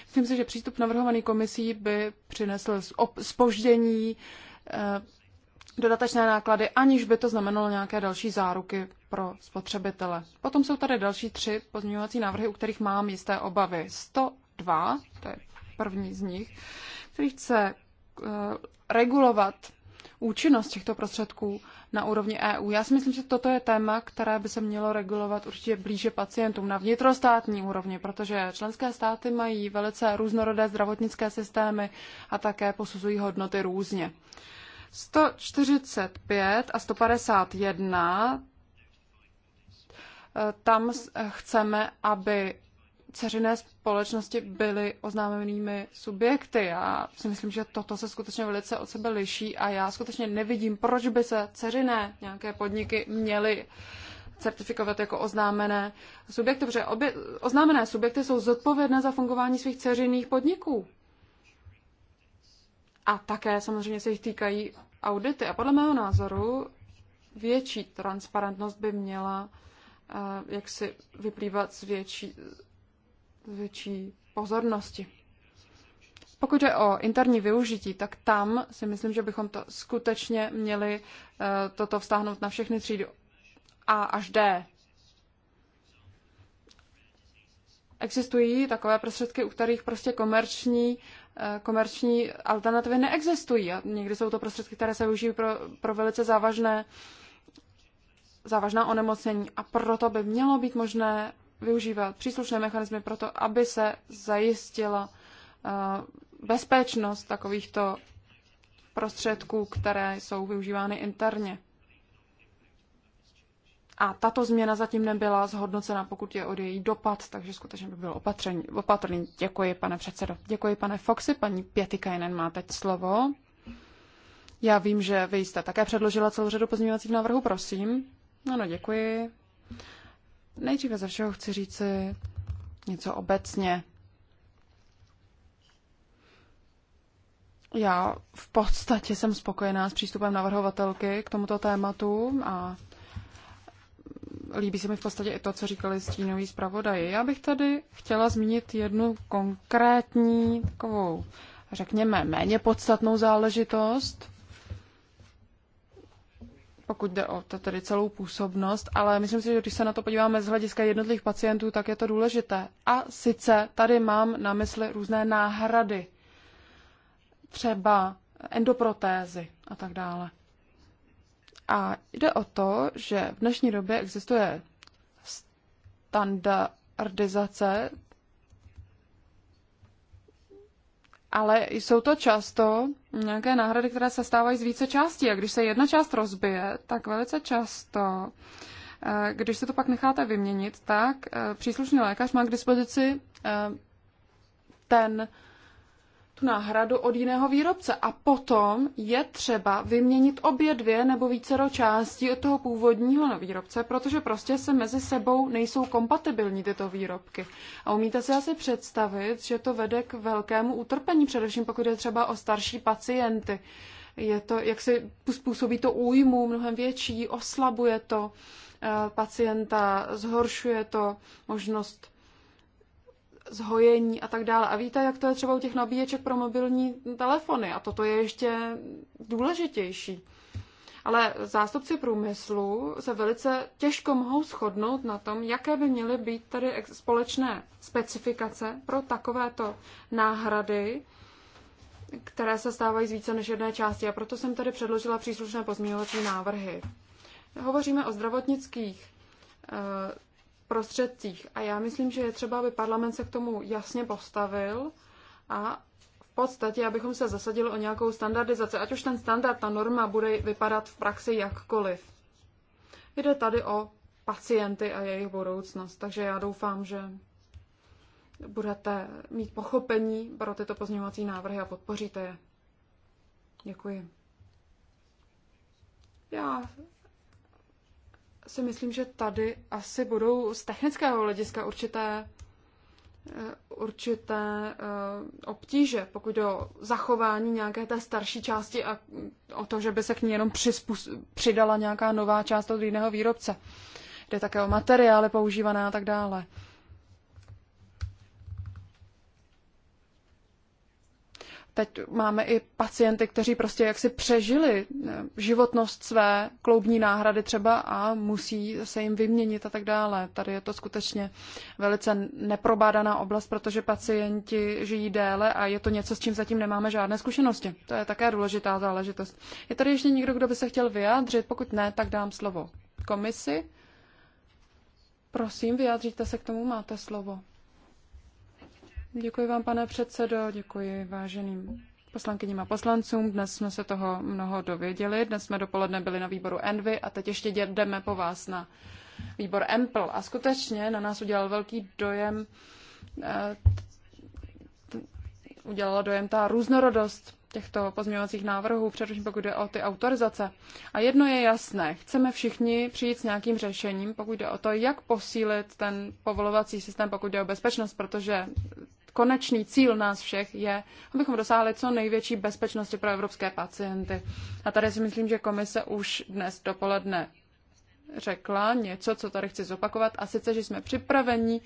Myslím si, že přístup navrhovaný komisí by přinesl spoždění, eh, dodatečné náklady, aniž by to znamenalo nějaké další záruky pro spotřebitele. Potom jsou tady další tři pozměňovací návrhy, u kterých mám jisté obavy. 102, to je první z nich, který chce eh, regulovat účinnost těchto prostředků na úrovni EU. Já si myslím, že toto je téma, které by se mělo regulovat určitě blíže pacientům na vnitrostátní úrovni, protože členské státy mají velice různorodé zdravotnické systémy a také posuzují hodnoty různě. 145 a 151 eh, tam chceme, aby ceřiné společnosti byly oznámenými subjekty. Já si myslím, že toto se skutečně velice od sebe liší a já skutečně nevidím, proč by se ceřiné nějaké podniky měly certifikovat jako oznámené subjekty, protože obě, oznámené subjekty jsou zodpovědné za fungování svých ceřinných podniků. A také samozřejmě se jich týkají audity. A podle mého názoru větší transparentnost by měla eh, jak si vyplývat z větší, větší pozornosti. Pokud je o interní využití, tak tam si myslím, že bychom to skutečně měli eh, toto vztáhnout na všechny třídy A až D. Existují takové prostředky, u kterých prostě komerční, eh, komerční alternativy neexistují. A někdy jsou to prostředky, které se využijí pro, pro velice závažné závažná onemocnění a proto by mělo být možné využívat příslušné mechanismy pro to, aby se zajistila eh, bezpečnost takovýchto prostředků, které jsou využívány interně. A tato změna zatím nebyla zhodnocena, pokud je od její dopad, takže skutečně by byl Opatření. opatrný. Děkuji, pane předsedo. Děkuji, pane Foxy. Paní Pětikajnen má teď slovo. Já vím, že vy jste také předložila celou řadu pozměňovacích návrhů, prosím. Ano, děkuji. Nejdříve ze všeho chci říci něco obecně. Já v podstatě jsem spokojená s přístupem navrhovatelky k tomuto tématu a líbí se mi v podstatě i to, co říkali stínoví zpravodaji. Já bych tady chtěla zmínit jednu konkrétní takovou, řekněme, méně podstatnou záležitost, pokud jde o to, tedy celou působnost, ale myslím si, že když se na to podíváme z hlediska jednotlivých pacientů, tak je to důležité. A sice tady mám na mysli různé náhrady, třeba endoprotézy a tak dále. A jde o to, že v dnešní době existuje standardizace ale jsou to často nějaké náhrady, které se stávají z více částí. A když se jedna část rozbije, tak velice často, eh, když se to pak necháte vyměnit, tak eh, příslušný lékař má k dispozici eh, ten náhradu od jiného výrobce a potom je třeba vyměnit obě dvě nebo vícero částí od toho původního výrobce, protože prostě se mezi sebou nejsou kompatibilní tyto výrobky. A umíte si asi představit, že to vede k velkému utrpení, především pokud je třeba o starší pacienty. Je to, jak se způsobí to újmu mnohem větší, oslabuje to eh, pacienta, zhoršuje to možnost zhojení a tak dále. A víte, jak to je třeba u těch nabíječek pro mobilní telefony. A toto je ještě důležitější. Ale zástupci průmyslu se velice těžko mohou shodnout na tom, jaké by měly být tady společné specifikace pro takovéto náhrady, které se stávají z více než jedné části. A proto jsem tady předložila příslušné pozměňovací návrhy. Hovoříme o zdravotnických eh, prostředcích. A já myslím, že je třeba, aby parlament se k tomu jasně postavil a v podstatě, abychom se zasadili o nějakou standardizaci, ať už ten standard, ta norma bude vypadat v praxi jakkoliv. Jde tady o pacienty a jejich budoucnost, takže já doufám, že budete mít pochopení pro tyto pozměňovací návrhy a podpoříte je. Děkuji. Já si myslím, že tady asi budou z technického hlediska určité, eh, určité eh, obtíže, pokud o zachování nějaké té starší části a o to, že by se k ní jenom přidala nějaká nová část od jiného výrobce. Jde také o materiály používané a tak dále. Teď máme i pacienty, kteří prostě jaksi přežili eh, životnost své kloubní náhrady třeba a musí se jim vyměnit a tak dále. Tady je to skutečně velice neprobádaná oblast, protože pacienti žijí déle a je to něco, s čím zatím nemáme žádné zkušenosti. To je také důležitá záležitost. Je tady ještě někdo, kdo by se chtěl vyjádřit? Pokud ne, tak dám slovo komisi. Prosím, vyjádříte se k tomu, máte slovo. Děkuji vám, pane předsedo, děkuji váženým poslankyním a poslancům. Dnes jsme se toho mnoho dověděli. Dnes jsme dopoledne byli na výboru Envy a teď ještě jdeme po vás na výbor Empl. A skutečně na nás udělal velký dojem, eh, udělala dojem ta různorodost těchto pozměňovacích návrhů, především pokud jde o ty autorizace. A jedno je jasné, chceme všichni přijít s nějakým řešením, pokud jde o to, jak posílit ten povolovací systém, pokud jde o bezpečnost, protože konečný cíl nás všech je, abychom dosáhli co největší bezpečnosti pro evropské pacienty. A tady si myslím, že komise už dnes dopoledne řekla něco, co tady chci zopakovat, a sice, že jsme připraveni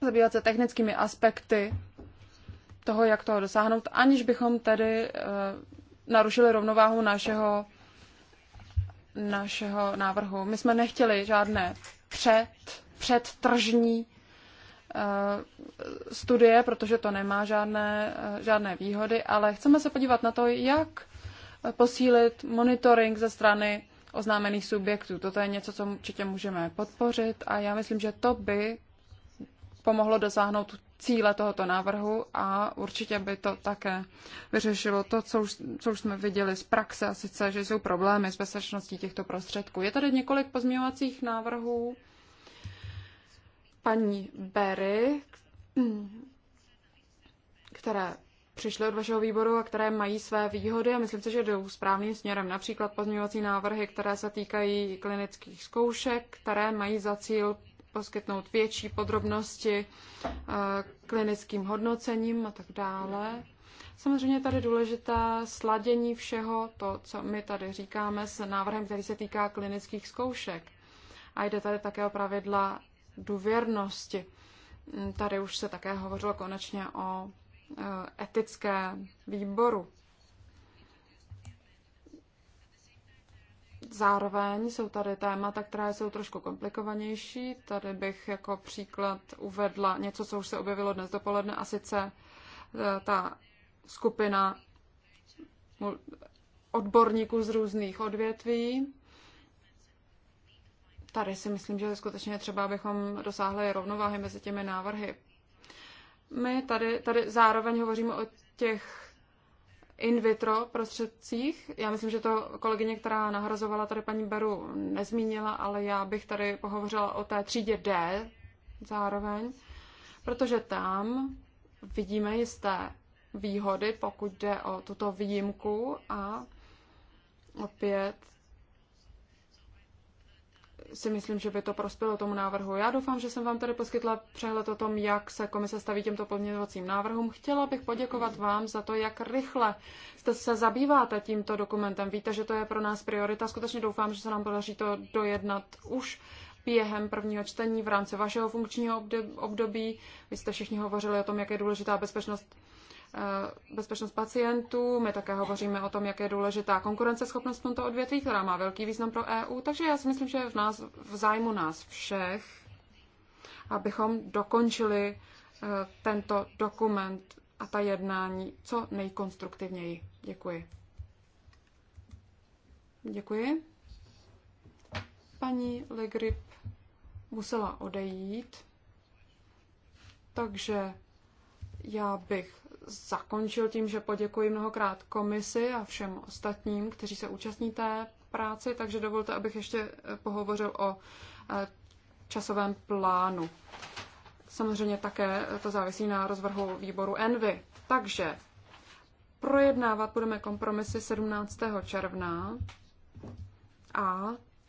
zabývat se technickými aspekty toho, jak toho dosáhnout, aniž bychom tedy eh, narušili rovnováhu našeho, našeho návrhu. My jsme nechtěli žádné před, předtržní Eh, studie, protože to nemá žádné, eh, žádné výhody, ale chceme se podívat na to, jak posílit monitoring ze strany oznámených subjektů. Toto je něco, co určitě můžeme podpořit a já myslím, že to by pomohlo dosáhnout cíle tohoto návrhu a určitě by to také vyřešilo to, co už, co už jsme viděli z praxe, a sice, že jsou problémy s bezpečností těchto prostředků. Je tady několik pozměňovacích návrhů, paní Berry, které přišly od vašeho výboru a které mají své výhody a myslím si, že jdou správným směrem. Například pozměňovací návrhy, které se týkají klinických zkoušek, které mají za cíl poskytnout větší podrobnosti eh, klinickým hodnocením a tak dále. Samozřejmě je tady důležité sladění všeho, to, co my tady říkáme, s návrhem, který se týká klinických zkoušek. A jde tady také o pravidla důvěrnosti. Tady už se také hovořilo konečně o e, etické výboru. Zároveň jsou tady témata, která jsou trošku komplikovanější. Tady bych jako příklad uvedla něco, co už se objevilo dnes dopoledne, a sice e, ta skupina odborníků z různých odvětví, tady si myslím, že je skutečně třeba, abychom dosáhli rovnováhy mezi těmi návrhy. My tady, tady zároveň hovoříme o těch in vitro prostředcích. Já myslím, že to kolegyně, která nahrazovala tady paní Beru, nezmínila, ale já bych tady pohovořila o té třídě D zároveň, protože tam vidíme jisté výhody, pokud jde o tuto výjimku a opět si myslím, že by to prospělo tomu návrhu. Já doufám, že jsem vám tady poskytla přehled o tom, jak se komise staví těmto pozměňovacím návrhům. Chtěla bych poděkovat vám za to, jak rychle jste se zabýváte tímto dokumentem. Víte, že to je pro nás priorita. Skutečně doufám, že se nám podaří to dojednat už během prvního čtení v rámci vašeho funkčního období. Vy jste všichni hovořili o tom, jak je důležitá bezpečnost Eh, bezpečnost pacientů. My také hovoříme o tom, jak je důležitá konkurenceschopnost v tomto odvětví, která má velký význam pro EU. Takže já si myslím, že je v, nás, v zájmu nás všech, abychom dokončili eh, tento dokument a ta jednání co nejkonstruktivněji. Děkuji. Děkuji. Paní Legrip musela odejít, takže já bych zakončil tím, že poděkuji mnohokrát komisi a všem ostatním, kteří se účastní té práci, takže dovolte, abych ještě eh, pohovořil o eh, časovém plánu. Samozřejmě také eh, to závisí na rozvrhu výboru Envy. Takže projednávat budeme kompromisy 17. června a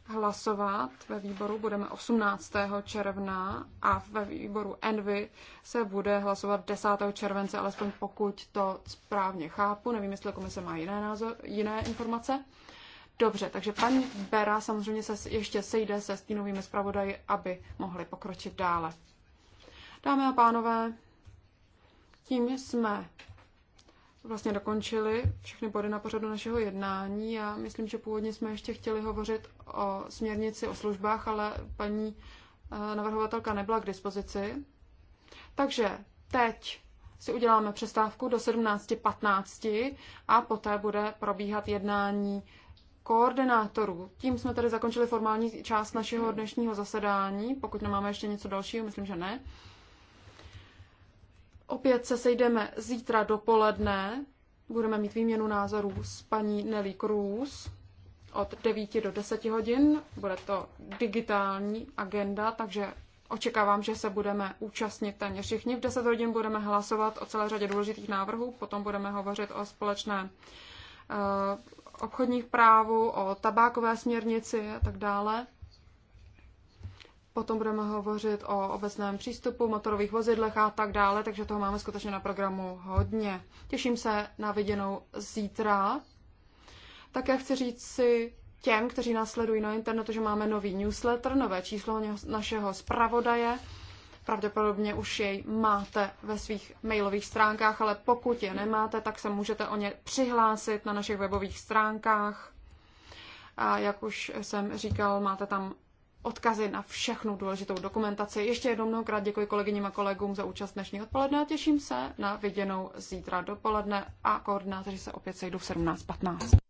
hlasovat ve výboru budeme 18. června a ve výboru Envy se bude hlasovat 10. července, alespoň pokud to správně chápu. Nevím, jestli komise má jiné, názor, jiné informace. Dobře, takže paní Bera samozřejmě se ještě sejde se stínovými zpravodaji, aby mohli pokročit dále. Dámy a pánové, tím jsme vlastně dokončili všechny body na pořadu našeho jednání a myslím, že původně jsme ještě chtěli hovořit o směrnici o službách, ale paní eh, navrhovatelka nebyla k dispozici. Takže teď si uděláme přestávku do 17.15 a poté bude probíhat jednání koordinátorů. Tím jsme tedy zakončili formální část našeho dnešního zasedání, pokud nemáme ještě něco dalšího, myslím, že ne. Opět se sejdeme zítra dopoledne. Budeme mít výměnu názorů s paní Nelly Cruz od 9 do 10 hodin. Bude to digitální agenda, takže očekávám, že se budeme účastnit téměř všichni. V 10 hodin budeme hlasovat o celé řadě důležitých návrhů, potom budeme hovořit o společné eh, obchodních právu, o tabákové směrnici a tak dále. Potom budeme hovořit o obecném přístupu, motorových vozidlech a tak dále, takže toho máme skutečně na programu hodně. Těším se na viděnou zítra. Také chci říct si těm, kteří nás sledují na internetu, že máme nový newsletter, nové číslo našeho zpravodaje. Pravděpodobně už jej máte ve svých mailových stránkách, ale pokud je nemáte, tak se můžete o ně přihlásit na našich webových stránkách. A jak už jsem říkal, máte tam odkazy na všechnu důležitou dokumentaci. Ještě jednou mnohokrát děkuji kolegyním a kolegům za účast dnešní odpoledne a těším se na viděnou zítra dopoledne a koordinátoři se opět sejdou v 17.15.